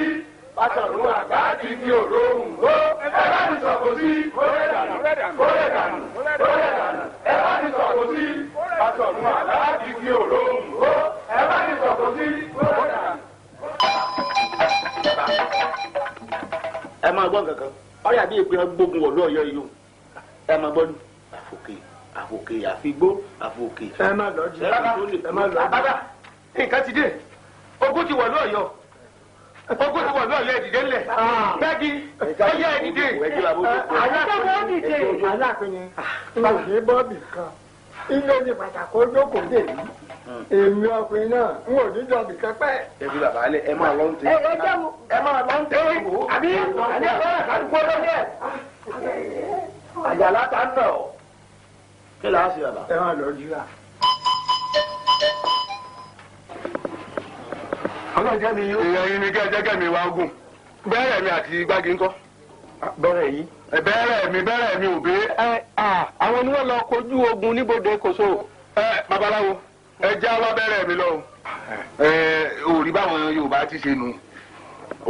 [SPEAKER 1] fàṣọrun àgbáàdì di òró ohun bó. ẹ bá mi sọ̀kò sí kó rẹ̀ dànù kó rẹ̀ dànù kó rẹ̀ dànù ẹ bá mi sọ̀kò sí. fàṣọrun àgbáàdì di òró ohun bó. ẹ bá mi sọ̀kò sí kó dànù. ẹ máa gbọ́ nǹkan ọ̀rẹ́ àbí ìpè ọgbógun ọ̀dọ́ ọ̀yọ́ yìí ó ẹ máa gbọ́ ní àfòkè àfigbó àfòkè. ẹ má lọ jí ẹ má lọ jí. àbádà nǹkan ti dé ogún ti wọ̀ lọ́yọ̀ọ́ ogun ti wọ ní ọyọ ìdìde ńlẹ bẹẹbi ọyọ ìdìde alápinye alápinye ìwé bọ́ọ̀bì kan ilé ní pàtàkó jókòó dè mí èmi ọkùnrin náà n ò ní jọ bìkan pẹ́. ẹbí bàbá alẹ ẹ máa lọ ń tẹ ẹ máa lọ ń tẹ àbí àbí ẹ bá ẹ ká gbọ́dọ̀ àjàlá ta ń nà kí làá ṣe bàbá. ẹ máa lọ jíra. ọlọ́jà mi yóò. èèyàn yìí ni kẹ́ẹ̀jẹ́kẹ́ mi wá gùn bẹ́ẹ̀rẹ̀ mi àti gbági ńkọ́. bẹ́ẹ̀rẹ̀ yìí. bẹ́ẹ̀rẹ̀ mi bẹ́ẹ̀rẹ̀ mi ò bé. ẹ àwọn ni wọ́n lọ kojú ogun níbodè Kòso. ẹ babaláwo ẹ já wá bẹ́ẹ̀rẹ̀ mi lọ. ẹ òòrí báwọn Yorùbá ti ṣe nù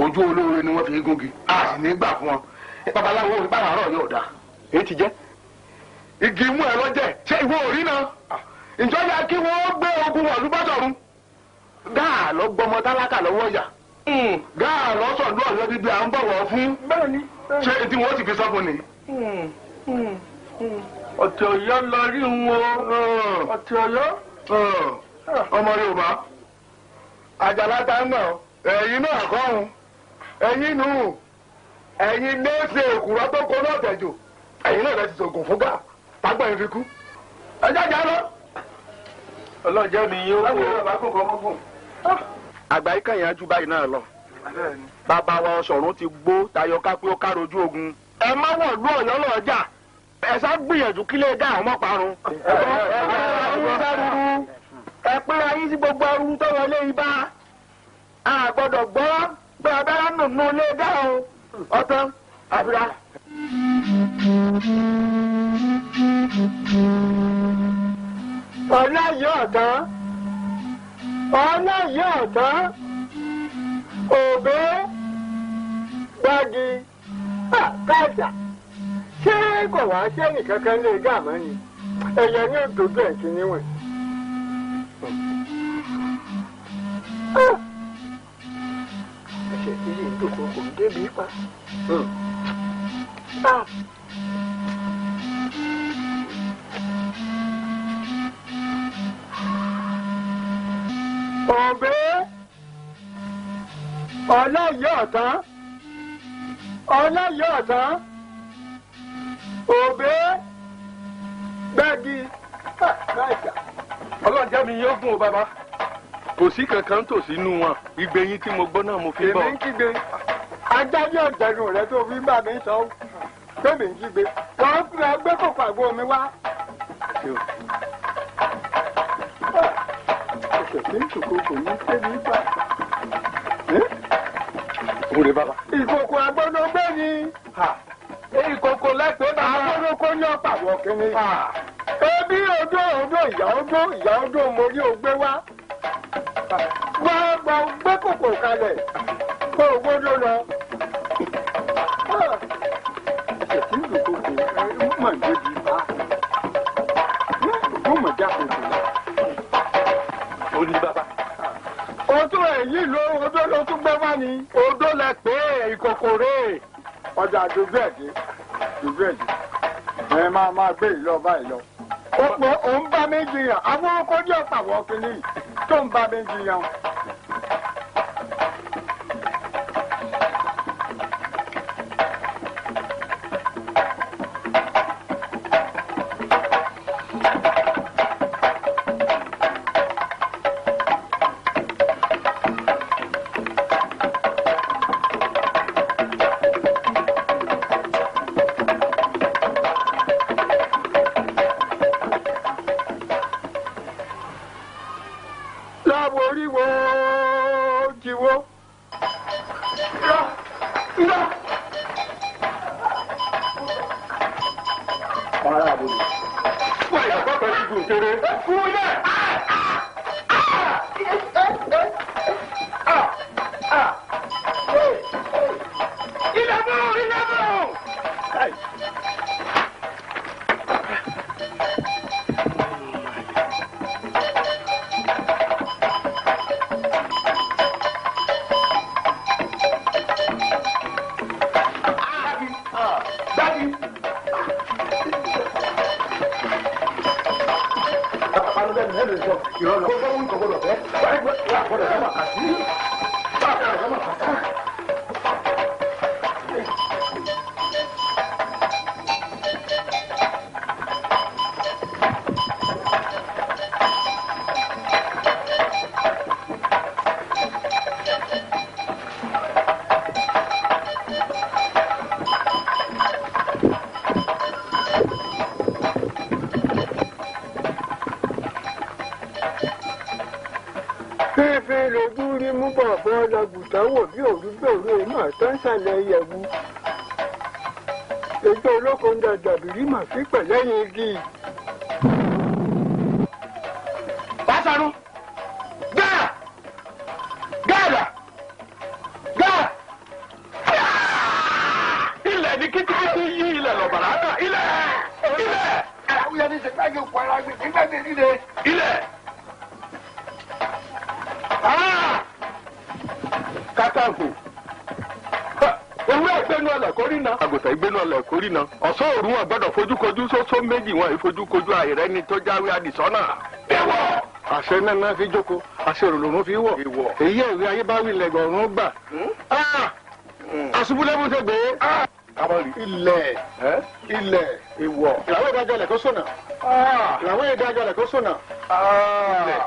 [SPEAKER 1] ojú olóore ni wọ́n fi gúngi a sì ní gbà fún wọn babaláwo òòrí báwọn àárọ̀ yóò dá. èyí ti jẹ́ igi mú ẹ lọ́jẹ̀ ṣé ìwọ ò rí náà ìjọba kí wọ́n gbé ogun wọ̀lú bọ́sọ̀rún gáà lọ gbọmọ tálákà lọ́wọ́ ọ̀yà hmm. gáà lọ sọ̀dún ọ̀yọ́ bíbí à ń bọ̀wọ̀ fún ṣé tí wọ́n ti fi sọ́kùn ni.
[SPEAKER 3] Hmm, hmm,
[SPEAKER 1] ọ̀tẹ̀ ọ̀yọ́ lọ rí wọn o ọ̀tẹ̀ ọ̀yọ́. ọmọ yorùbá àjàlá ta ń gbà ẹ̀yin náà kọ́ ọ̀hún ẹ̀yin nù ẹ̀yin lé ṣe èkùrọ́ tó kọ́ náà tẹ̀jọ́ ẹ̀yin náà pàgbà yẹn fi kú. ẹ jáde lọ. ọlọ́jẹ́ mi yóò wò. àgbà yìí kàn yín ajú lọ. bàbá wa ọ̀sọ̀rún ti gbó tayọ kápẹ́ ó ogun. ẹ má wọ̀ lú ọ̀yọ́ lọ́jà ẹ gbìyànjú kí lè dá ọmọ ẹ pé ayé sí gbogbo tó wọlé a gbọ́ pé abẹ́rẹ́ nùnú lè dá o ọ̀nà yóò tán ọ̀nà yóò tán òbé gbági káàtà ṣé kò wá sí ẹnìkankan lè dààmú ni ẹ̀yẹ ní òdòdó ẹ̀ ti níwọ̀n. ẹsẹ̀ yìí ń dòkòkò débi pa. Hmm. òbí ọlọ́yọ̀ ọ̀tán ọlọ́yọ̀ ọ̀tán òbí gbẹ́gi ọlọ́jà mi yóò gùn o bàbá kò sí kankan tó sínú wọn igbe yín tí mo gbọ́ náà mo fi bọ̀. èmi ń kígbe ajá ní rẹ tó fi ń bá mi sọ pé mi ń kígbe lọ́ọ́ fi ẹgbẹ́ kòkò àgbo mi wá.
[SPEAKER 2] tẹ̀sí ìṣòro kò ní kébi
[SPEAKER 1] bá. Òde bàbá. Ìkòkò àgbọ̀dọ̀ gbẹ́ ni. Ìkòkò lẹ́pẹ́ bá. Àgbọ̀dọ̀ kò ní ọ̀pá wọ̀ kínní. Ebi odó odó ìyá odó ìyá odó mórí ògbé wá. Wá gba gbé kòkò kalẹ̀ kó o gbọ́dọ̀ lọ. Tẹ̀sí ìṣòro kò ní mọ̀ níbi bá. Ó mọ̀ jáde jù lọ ó Baba, bàbá. odó èyí ló odó ló tún gbé wá ni. odó lẹ pé ìkòkòrè ọjà dojú ẹ̀dí dojú ẹ̀dí ẹ máa máa gbé ìlọ báyìí lọ. ó pé òun bá méjì yàn àwọn ọkọ ní ọ̀pá wọ́ọ́kì nìyí tó ń bá méjì yàn. àrímàsí pẹ̀lẹ́yìn igi méjì wọn ìfojúkojú àìrẹ́ ni tó jáwé àdìsọ́nà. àṣẹ náà fi jókòó àṣẹ òròlòrùn fi wọ̀ èyí ẹ̀rí ayé bá wí ilẹ̀ gọ̀ọ̀rùn gbà. Hmm? Ah! àṣubúlẹ́mú ṣe gbé ah! ilẹ̀ ilẹ̀ ìwọ̀ ìràwọ̀ ìdájọ́ ilẹ̀ kó sọ̀nà ah! ìràwọ̀ ìdájọ́ ilẹ̀ kó sọ̀nà ilẹ̀.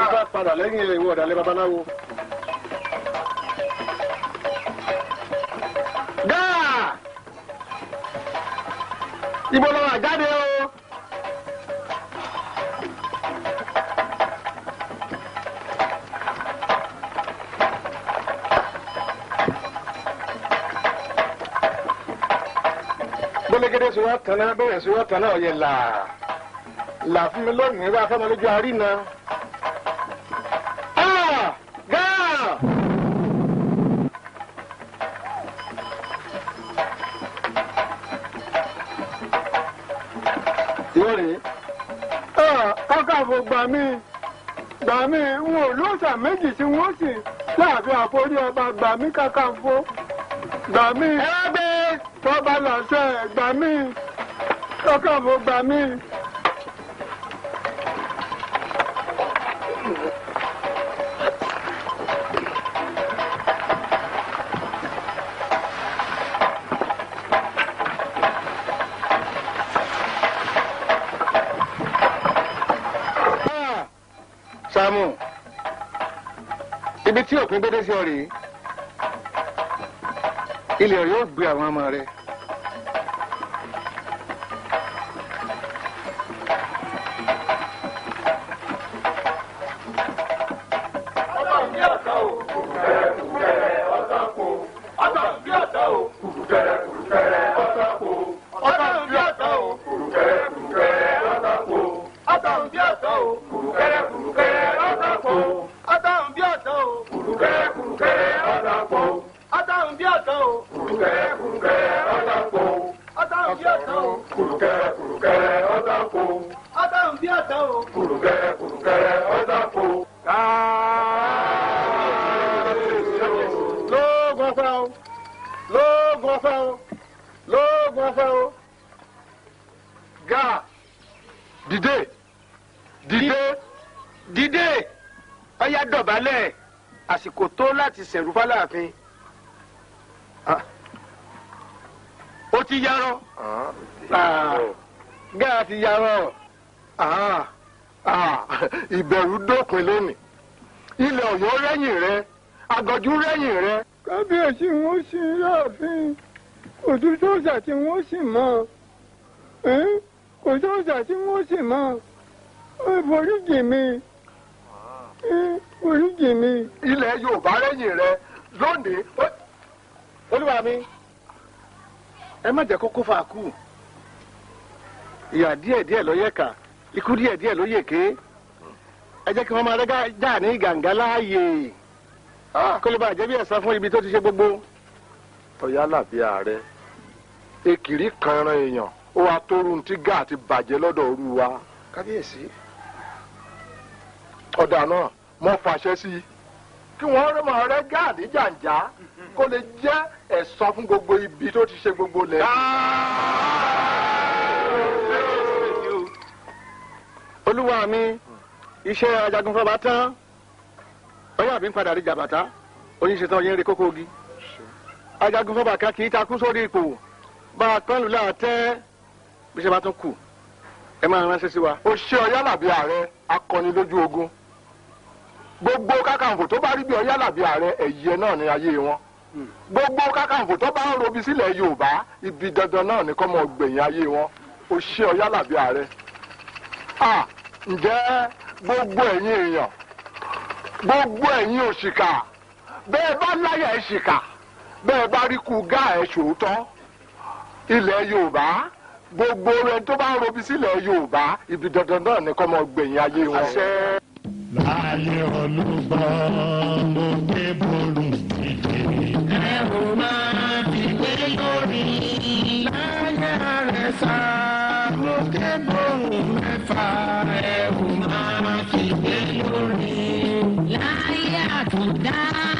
[SPEAKER 1] bí bá padà lẹ́yìn ilẹ̀ ìwọ̀ babaláwo. kan náà yẹ là là fún mi lónìí wá fẹ́ mi lójú arí na. ìwọ́rẹ̀ kákàfọ̀ gbà mí gbà mí n ò lóòsà méjì tí wọ́n sì láàfin àforí ọba gbà mí kákàfọ̀ gbà mí tọ́ba làṣẹ gbà mí ọkọ mo gbà mí. Ah, Sàámù ibi tí òpin gbédé sí ọ rèé ilẹ̀ yóò gbé àwọn ọmọ rẹ̀. ìṣẹ̀rú fáláàfin ẹ má jẹ́ kókó fa kú ìyà díẹ̀ díẹ̀ ló yẹ ká ikú díẹ̀ díẹ̀ ló yẹ ké ẹ jẹ́ kí wọ́n máa rẹ́gá já ní gàǹgà láàyè ah. kó ló bá jẹ́ bí ẹ̀san fún ibi tó ti ṣe gbogbo. tọ́yá làbí ààrẹ ekiri kanran èèyàn ó wàá tóru ti gá àti bàjẹ́ lọ́dọ̀ òru wa. kábíyèsí. ọ̀dà náà mo fàṣẹ sí i kí wọ́n máa rẹ́gá àdíjàǹjá kó lè jẹ́ ẹ sọ fún gbogbo ibi tó ti ṣe gbogbo lẹ. olúwa mi iṣẹ́ ajagunfọba tán ọyá mi ń padà rí jàbàtà oyin ṣetán yẹn rí kókó ogi ajagunfọba kan kì í takú sórí ipò bá a kán lù láàtẹ bí ṣe bá tún kù ẹ máa ránṣẹ́ sí wa. o ṣe ọyálàbí ààrẹ akọni lójú ogun gbogbo kákàǹfò tó bá rí bí ọyálàbí ààrẹ ẹ̀yẹ náà ní ayé wọn. gbogbo kákàǹfò tó bá ń robi sílẹ̀ yorùbá ibi dandan náà ni kọ́ mọ gbẹ̀yìn ayé wọn o ṣe ọyá làbí ààrẹ ǹjẹ́ gbogbo ẹ̀yin èèyàn gbogbo ẹ̀yin òṣìkà bẹ́ẹ̀ bá láyà ẹ̀ ṣìkà bẹ́ẹ̀ bá rí kú gá ẹ̀ ṣòótọ́ ilẹ̀ yorùbá gbogbo rẹ̀ tó bá ń robi sílẹ̀ yorùbá ibi dandan náà ni kọ́ mọ gbẹ̀yìn ayé wọn. láyé olúgbọ́n mo gbé ború.
[SPEAKER 3] ẹ ò máa dìgbé lórí láyà rẹ̀ sá lókè bóun mẹ́fà ẹ ò máa dìgbé lórí láyà tó dáa.